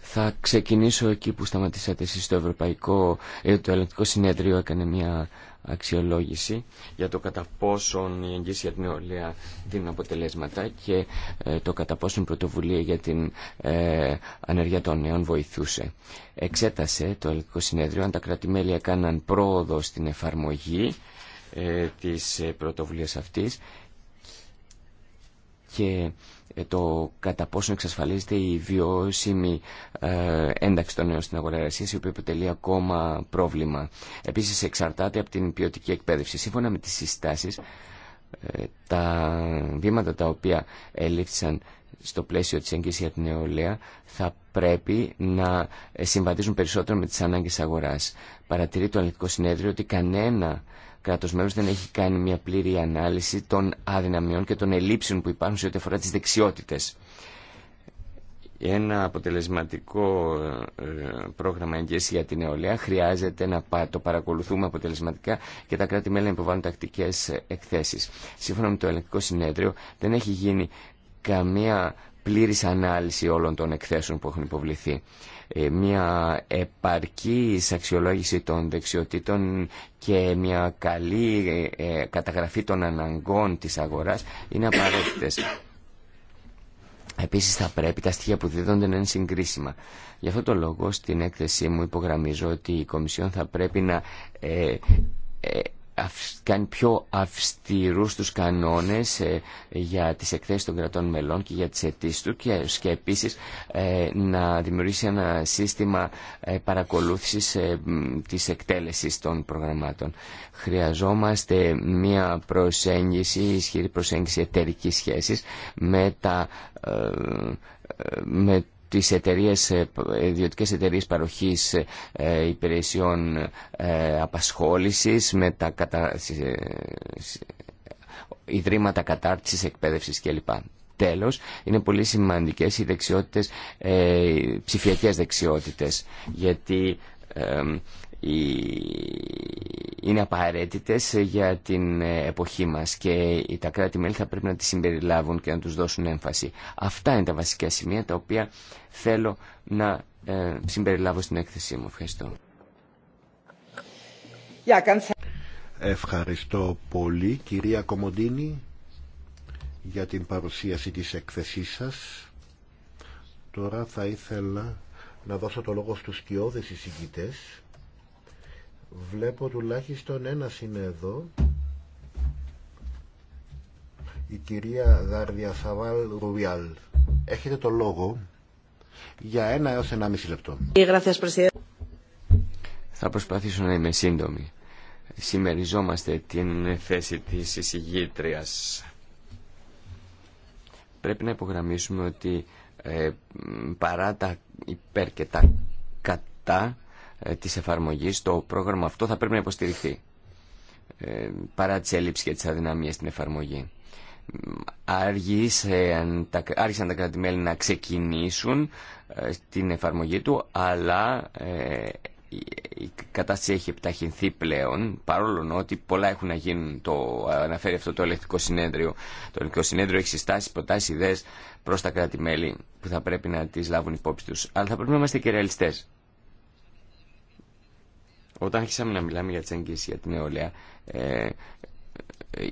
Θα ξεκινήσω εκεί που σταματήσατε εσείς στο Ευρωπαϊκό, ε, το Ελληνικό Συνέδριο έκανε μια αξιολόγηση για το κατά πόσον η εγγύηση για την νεολαία δίνουν αποτελέσματα και ε, το κατά πόσον η πρωτοβουλία για την ε, ανεργία των νέων βοηθούσε. Εξέτασε το Ελληνικό Συνέδριο αν τα κρατημέλια κάναν πρόοδο στην εφαρμογή ε, της πρωτοβουλίας αυτής και ε, το κατά πόσο εξασφαλίζεται η βιώσιμη ε, ένταξη των νέων στην αγορά εργασία, η οποία αποτελεί ακόμα πρόβλημα. Επίσης εξαρτάται από την ποιοτική εκπαίδευση. Σύμφωνα με τις συστάσεις, ε, τα βήματα τα οποία ελήφθησαν στο πλαίσιο της εγγύησης για την νεολαία θα πρέπει να συμβαδίζουν περισσότερο με τις ανάγκες αγοράς. Παρατηρεί το Αναλυτικό Συνέδριο ότι κανένα κράτος μέλος δεν έχει κάνει μια πλήρη ανάλυση των αδυναμιών και των ελλείψεων που υπάρχουν σε ό,τι αφορά τις δεξιότητες. Ένα αποτελεσματικό ε, πρόγραμμα εγγύηση για την νεολαία χρειάζεται να το παρακολουθούμε αποτελεσματικά και τα κράτη-μέλη να υποβάλουν τακτικέ εκθέσει. Σύμφωνα με το ελεγκτικό Συνέδριο, δεν έχει γίνει καμία πλήρη ανάλυση όλων των εκθέσεων που έχουν υποβληθεί. Ε, μια επαρκή αξιολόγηση των δεξιοτήτων και μια καλή ε, καταγραφή των αναγκών της αγοράς είναι απαραίτητες. Επίσης θα πρέπει τα στοιχεία που δίδονται να είναι συγκρίσιμα. Γι' αυτό το λόγο στην έκθεσή μου υπογραμμίζω ότι η Κομισιόν θα πρέπει να ε, κάνει πιο αυστηρούς τους κανόνες ε, για τις εκθέσεις των κρατών μελών και για τις αιτήσεις του και, και επίσης ε, να δημιουργήσει ένα σύστημα ε, παρακολούθησης της εκτέλεσης των προγραμμάτων. Χρειαζόμαστε μια προσέγγιση, ισχυρή προσέγγιση εταιρική σχέσης με τα με τις εταιρείες, ε, ε, ιδιωτικές εταιρείες παροχής ε, υπηρεσιών απασχόλησης με τα κατα... ιδρύματα κατάρτισης, εκπαίδευσης κλπ. Τέλος, είναι πολύ σημαντικές οι δεξιότητες, ψηφιακές δεξιότητες, γιατί είναι απαραίτητες για την ε, εποχή μας και τα κράτη-μέλη θα πρέπει να τις συμπεριλάβουν και να τους δώσουν έμφαση. Αυτά είναι τα βασικά σημεία τα οποία θέλω να ε, συμπεριλάβω στην έκθεσή μου. Ευχαριστώ. Ευχαριστώ πολύ κυρία Κομοντίνη για την παρουσίαση της έκθεσής σας. Τώρα θα ήθελα να δώσω το λόγο στους κοιόδες εισηγητές Βλέπω τουλάχιστον ένα είναι εδώ. Η κυρία Δάρδια Σαβάλ Ρουβιάλ. Έχετε το λόγο για ένα έως ένα μισή λεπτό. Ε, Θα προσπαθήσω να είμαι σύντομη. Σημεριζόμαστε την θέση της εισηγήτριας. Πρέπει να υπογραμμίσουμε ότι ε, παρά τα υπέρ και τα κατά ε, Τη εφαρμογή, το πρόγραμμα αυτό θα πρέπει να υποστηριχθεί ε, παρά τι έλλειψει και τι αδυναμίε στην εφαρμογή. Άργησαν τα, άργησαν τα κράτη-μέλη να ξεκινήσουν ε, την εφαρμογή του, αλλά η κατάσταση έχει επιταχυνθεί πλέον, παρόλο ότι πολλά έχουν να γίνουν. Το αναφέρει αυτό το ελεκτικό συνέδριο. Το ελεκτικό συνέδριο έχει συστάσει, προτάσει, ιδέε προ τα κράτη-μέλη που θα πρέπει να τι λάβουν υπόψη του. Αλλά θα πρέπει να είμαστε και ρεαλιστέ. Όταν άρχισαμε να μιλάμε για τι εγγύσει για την νεολαία, ε,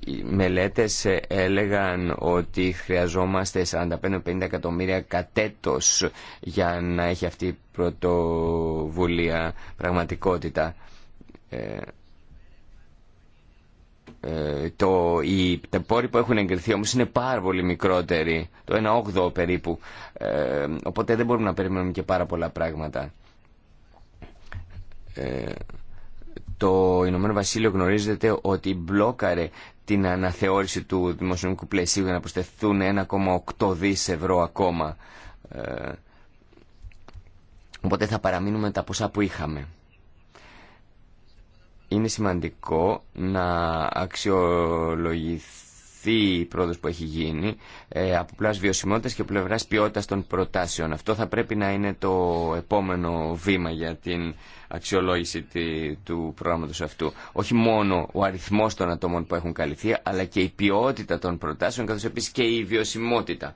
οι μελέτες έλεγαν ότι χρειαζόμαστε 45-50 εκατομμύρια κατέτος για να έχει αυτή η πρωτοβουλία πραγματικότητα. Ε, ε, το, οι, τα πόροι που έχουν εγκριθεί όμως είναι πάρα πολύ μικρότεροι, το 1,8 περίπου, ε, οπότε δεν μπορούμε να περιμένουμε και πάρα πολλά πράγματα. Ε, το Ηνωμένο Βασίλειο γνωρίζετε ότι μπλόκαρε την αναθεώρηση του δημοσιονομικού πλαισίου για να προσθεθούν 1,8 δις ευρώ ακόμα. Ε, οπότε θα παραμείνουμε τα ποσά που είχαμε. Είναι σημαντικό να αξιολογηθεί αυτή η πρόοδος που έχει γίνει ε, από πλευράς βιωσιμότητας και πλευράς ποιότητας των προτάσεων. Αυτό θα πρέπει να είναι το επόμενο βήμα για την αξιολόγηση του προγράμματος αυτού. Όχι μόνο ο αριθμός των ατόμων που έχουν καλυφθεί, αλλά και η ποιότητα των προτάσεων, καθώς επίσης και η βιωσιμότητα.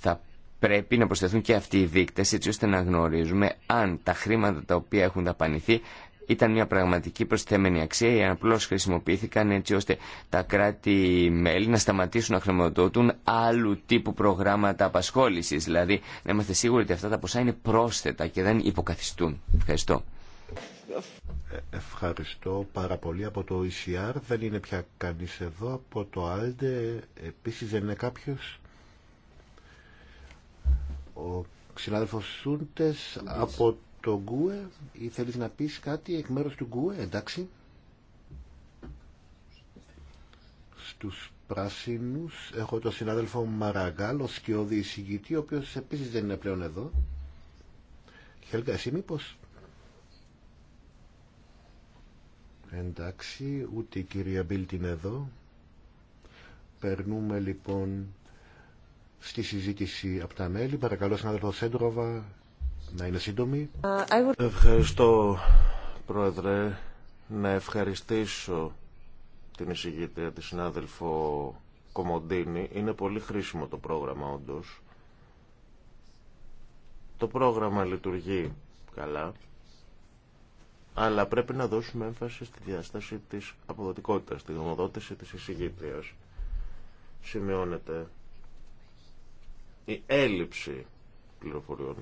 Θα πρέπει να προσθεθούν και αυτοί οι δείκτες, έτσι ώστε να γνωρίζουμε αν τα χρήματα τα οποία έχουν δαπανηθεί ήταν μια πραγματική προσθέμενη αξία ή απλώς χρησιμοποιήθηκαν έτσι ώστε τα κράτη-μέλη να σταματήσουν να χρηματοδοτούν άλλου τύπου προγράμματα απασχόλησης. Δηλαδή να είμαστε σίγουροι ότι αυτά τα ποσά είναι πρόσθετα και δεν υποκαθιστούν. Ευχαριστώ. Ευχαριστώ πάρα πολύ από το ECR. Δεν είναι πια κανείς εδώ. Από το ALDE επίσης δεν είναι κάποιος. Ο συνάδελφος Σούντες από το Γκουε ή θέλεις να πεις κάτι εκ μέρους του Γκουε, εντάξει. Στους πράσινους έχω τον συνάδελφο Μαραγκάλ, ο σκιώδη ο οποίος επίσης δεν είναι πλέον εδώ. Χέλγα, εσύ Εντάξει, ούτε η κυρία Μπίλτ είναι εδώ. Περνούμε λοιπόν στη συζήτηση από τα μέλη. Παρακαλώ, συνάδελφο Σέντροβα, να είναι σύντομη. Ευχαριστώ, Πρόεδρε, να ευχαριστήσω την εισηγήτρια, τη συνάδελφο Κομοντίνη. Είναι πολύ χρήσιμο το πρόγραμμα, όντω. Το πρόγραμμα λειτουργεί καλά, αλλά πρέπει να δώσουμε έμφαση στη διάσταση της αποδοτικότητας, τη γνωμοδότηση της εισηγήτριας. Σημειώνεται η έλλειψη πληροφοριών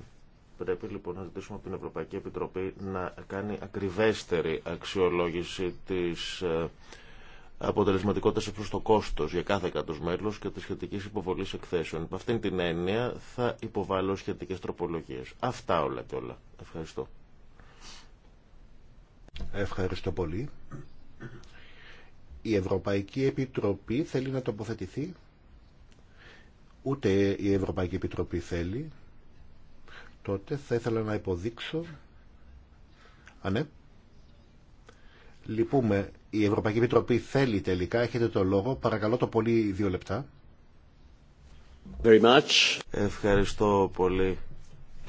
Πρέπει λοιπόν να ζητήσουμε από την Ευρωπαϊκή Επιτροπή να κάνει ακριβέστερη αξιολόγηση της ε, αποτελεσματικότητα προ το κόστο για κάθε κράτο και τη σχετική υποβολή εκθέσεων. Από αυτήν την έννοια θα υποβάλω σχετικέ τροπολογίες. Αυτά όλα και όλα. Ευχαριστώ. Ευχαριστώ πολύ. Η Ευρωπαϊκή Επιτροπή θέλει να τοποθετηθεί. Ούτε η Ευρωπαϊκή Επιτροπή θέλει τότε θα ήθελα να υποδείξω Α, ναι. Λυπούμε. Η Ευρωπαϊκή Επιτροπή θέλει τελικά. Έχετε το λόγο. Παρακαλώ το πολύ δύο λεπτά. Very much. Ευχαριστώ πολύ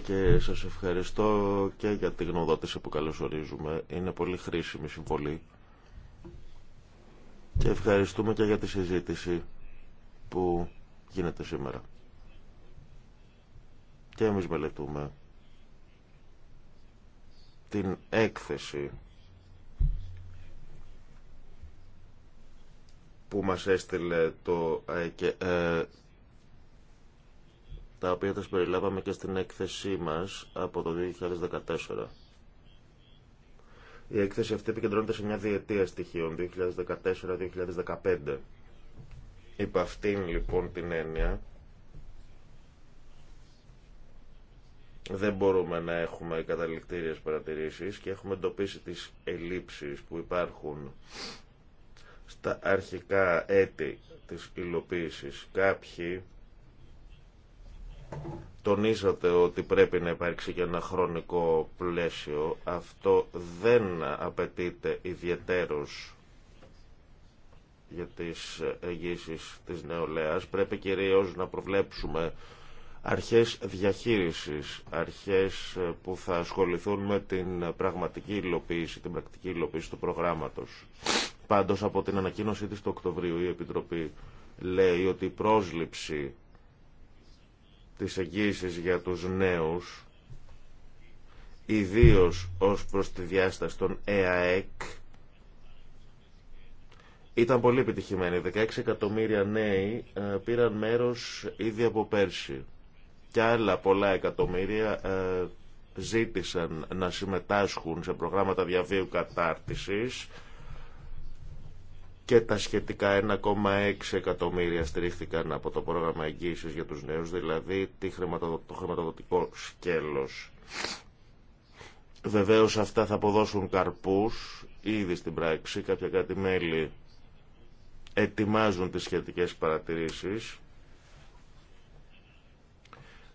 και σας ευχαριστώ και για τη γνωδότηση που καλωσορίζουμε. Είναι πολύ χρήσιμη συμβολή. Και ευχαριστούμε και για τη συζήτηση που γίνεται σήμερα και εμείς μελετούμε την έκθεση που μας έστειλε το και, ε, τα οποία τα περιλάβαμε και στην έκθεσή μας από το 2014. Η έκθεση αυτή επικεντρώνεται σε μια διετία στοιχείων, 2014-2015. Υπ' αυτήν λοιπόν την έννοια, δεν μπορούμε να έχουμε καταληκτήριες παρατηρήσεις και έχουμε εντοπίσει τις ελλείψεις που υπάρχουν στα αρχικά έτη της υλοποίησης. Κάποιοι τονίζονται ότι πρέπει να υπάρξει και ένα χρονικό πλαίσιο. Αυτό δεν απαιτείται ιδιαίτερος για τις εγγύσεις της νεολαίας. Πρέπει κυρίως να προβλέψουμε αρχές διαχείρισης, αρχές ε, που θα ασχοληθούν με την πραγματική υλοποίηση, την πρακτική υλοποίηση του προγράμματος. Πάντως από την ανακοίνωσή της του Οκτωβρίου η Επιτροπή λέει ότι η πρόσληψη της εγγύησης για τους νέους, ιδίως ως προς τη διάσταση των ΕΑΕΚ, ήταν πολύ επιτυχημένη. 16 εκατομμύρια νέοι ε, πήραν μέρος ήδη από πέρσι και άλλα πολλά εκατομμύρια ε, ζήτησαν να συμμετάσχουν σε προγράμματα διαβίου κατάρτισης και τα σχετικά 1,6 εκατομμύρια στηρίχθηκαν από το πρόγραμμα εγγύησης για τους νέους, δηλαδή το χρηματοδοτικό σκέλος. Βεβαίως αυτά θα αποδώσουν καρπούς ήδη στην πράξη. Κάποια κάτι μέλη ετοιμάζουν τις σχετικές παρατηρήσεις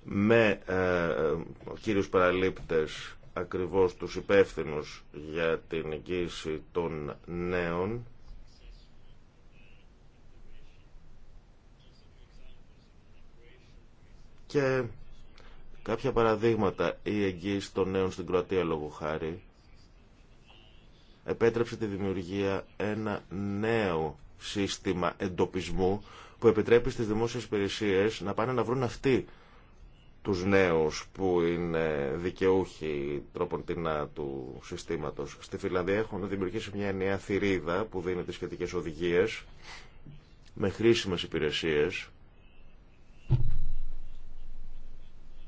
με ε, ε, κύριους παραλήπτες ακριβώς τους υπεύθυνους για την εγγύηση των νέων και κάποια παραδείγματα η εγγύηση των νέων στην Κροατία λόγω χάρη επέτρεψε τη δημιουργία ένα νέο σύστημα εντοπισμού που επιτρέπει στις δημόσιες υπηρεσίες να πάνε να βρουν αυτοί τους νέους που είναι δικαιούχοι τρόπον τεινά του συστήματος. Στη Φιλανδία έχουν δημιουργήσει μια νέα θηρίδα που δίνει τις σχετικές οδηγίες με χρήσιμες υπηρεσίες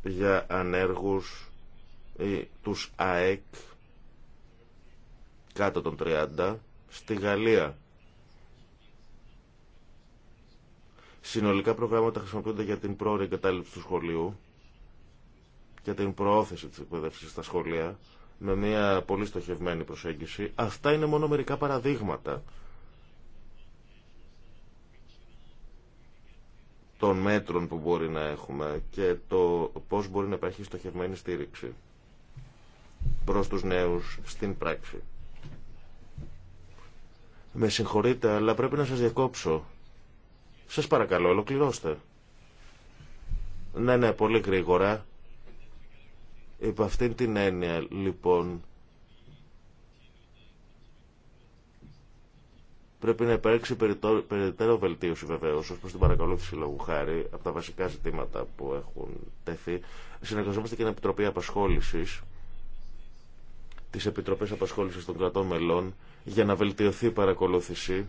για ανέργους ή τους ΑΕΚ κάτω των 30 στη Γαλλία. Συνολικά προγράμματα χρησιμοποιούνται για την πρόορη εγκατάλειψη του σχολείου και την προώθηση της εκπαίδευσης στα σχολεία με μια πολύ στοχευμένη προσέγγιση. Αυτά είναι μόνο μερικά παραδείγματα των μέτρων που μπορεί να έχουμε και το πώς μπορεί να υπάρχει στοχευμένη στήριξη προς τους νέους στην πράξη. Με συγχωρείτε, αλλά πρέπει να σας διακόψω. Σας παρακαλώ, ολοκληρώστε. Ναι, ναι, πολύ γρήγορα. Υπό αυτήν την έννοια, λοιπόν, Πρέπει να υπάρξει περαιτέρω βελτίωση βεβαίω ω προ την παρακολούθηση λόγου χάρη από τα βασικά ζητήματα που έχουν τεθεί. Συνεργαζόμαστε και την Επιτροπή Απασχόληση, τι Επιτροπέ Απασχόληση των Κρατών Μελών, για να βελτιωθεί η παρακολούθηση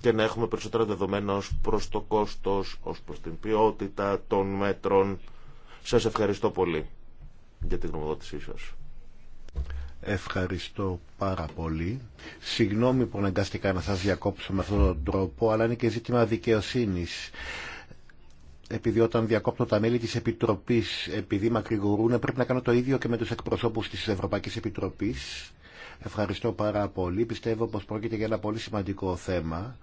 και να έχουμε περισσότερα δεδομένα ω προ το κόστο, ω προ την ποιότητα των μέτρων σας ευχαριστώ πολύ για την γνωμοδότησή σας. Ευχαριστώ πάρα πολύ. Συγγνώμη που αναγκάστηκα να σας διακόψω με αυτόν τον τρόπο, αλλά είναι και ζήτημα δικαιοσύνης. Επειδή όταν διακόπτω τα μέλη της Επιτροπής, επειδή μακρηγορούν, πρέπει να κάνω το ίδιο και με τους εκπροσώπους της Ευρωπαϊκής Επιτροπής. Ευχαριστώ πάρα πολύ. Πιστεύω πως πρόκειται για ένα πολύ σημαντικό θέμα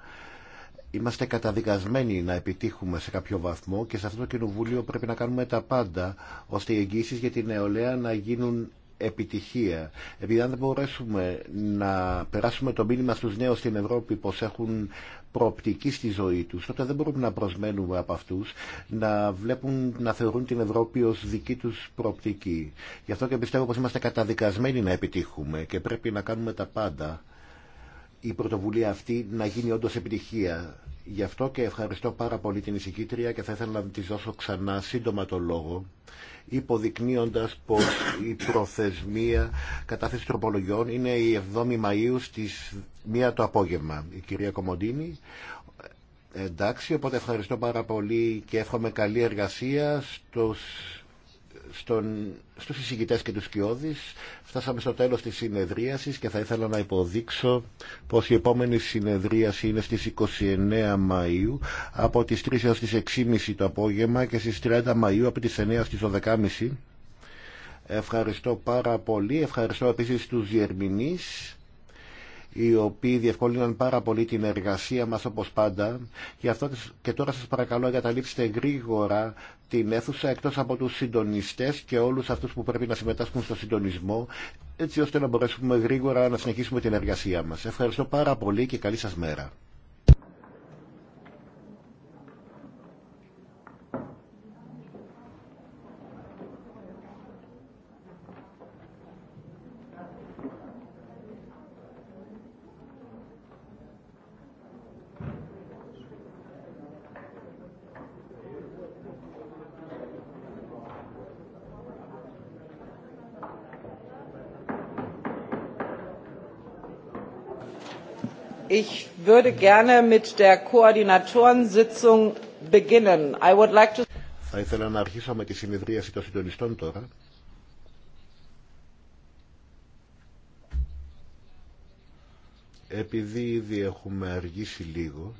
είμαστε καταδικασμένοι να επιτύχουμε σε κάποιο βαθμό και σε αυτό το κοινοβούλιο πρέπει να κάνουμε τα πάντα ώστε οι εγγύσεις για την νεολαία να γίνουν επιτυχία. Επειδή αν δεν μπορέσουμε να περάσουμε το μήνυμα στους νέους στην Ευρώπη πως έχουν προοπτική στη ζωή τους, τότε δεν μπορούμε να προσμένουμε από αυτούς να βλέπουν, να θεωρούν την Ευρώπη ως δική τους προοπτική. Γι' αυτό και πιστεύω πως είμαστε καταδικασμένοι να επιτύχουμε και πρέπει να κάνουμε τα πάντα η πρωτοβουλία αυτή να γίνει όντω επιτυχία. Γι' αυτό και ευχαριστώ πάρα πολύ την εισηγήτρια και θα ήθελα να τη δώσω ξανά σύντομα το λόγο υποδεικνύοντας πως η προθεσμία κατάθεση τροπολογιών είναι η 7η Μαΐου στις 1 το απόγευμα. Η κυρία Κομοντίνη, εντάξει, οπότε ευχαριστώ πάρα πολύ και εύχομαι καλή εργασία στους στον, στους εισηγητές και τους κοιόδης. Φτάσαμε στο τέλος της συνεδρίασης και θα ήθελα να υποδείξω πως η επόμενη συνεδρίαση είναι στις 29 Μαΐου από τις 3 έως τις 6.30 το απόγευμα και στις 30 Μαΐου από τις 9 στις 12.30. Ευχαριστώ πάρα πολύ. Ευχαριστώ επίσης τους διερμηνείς οι οποίοι διευκόλυναν πάρα πολύ την εργασία μας όπως πάντα. αυτό και τώρα σας παρακαλώ εγκαταλείψτε γρήγορα την αίθουσα εκτός από τους συντονιστές και όλους αυτούς που πρέπει να συμμετάσχουν στο συντονισμό έτσι ώστε να μπορέσουμε γρήγορα να συνεχίσουμε την εργασία μας. Ευχαριστώ πάρα πολύ και καλή σας μέρα. Ich würde gerne mit der Koordinatorensitzung beginnen. I would like to... Θα ήθελα να αρχίσω με τη συνεδρίαση των συντονιστών τώρα. Επειδή ήδη έχουμε αργήσει λίγο,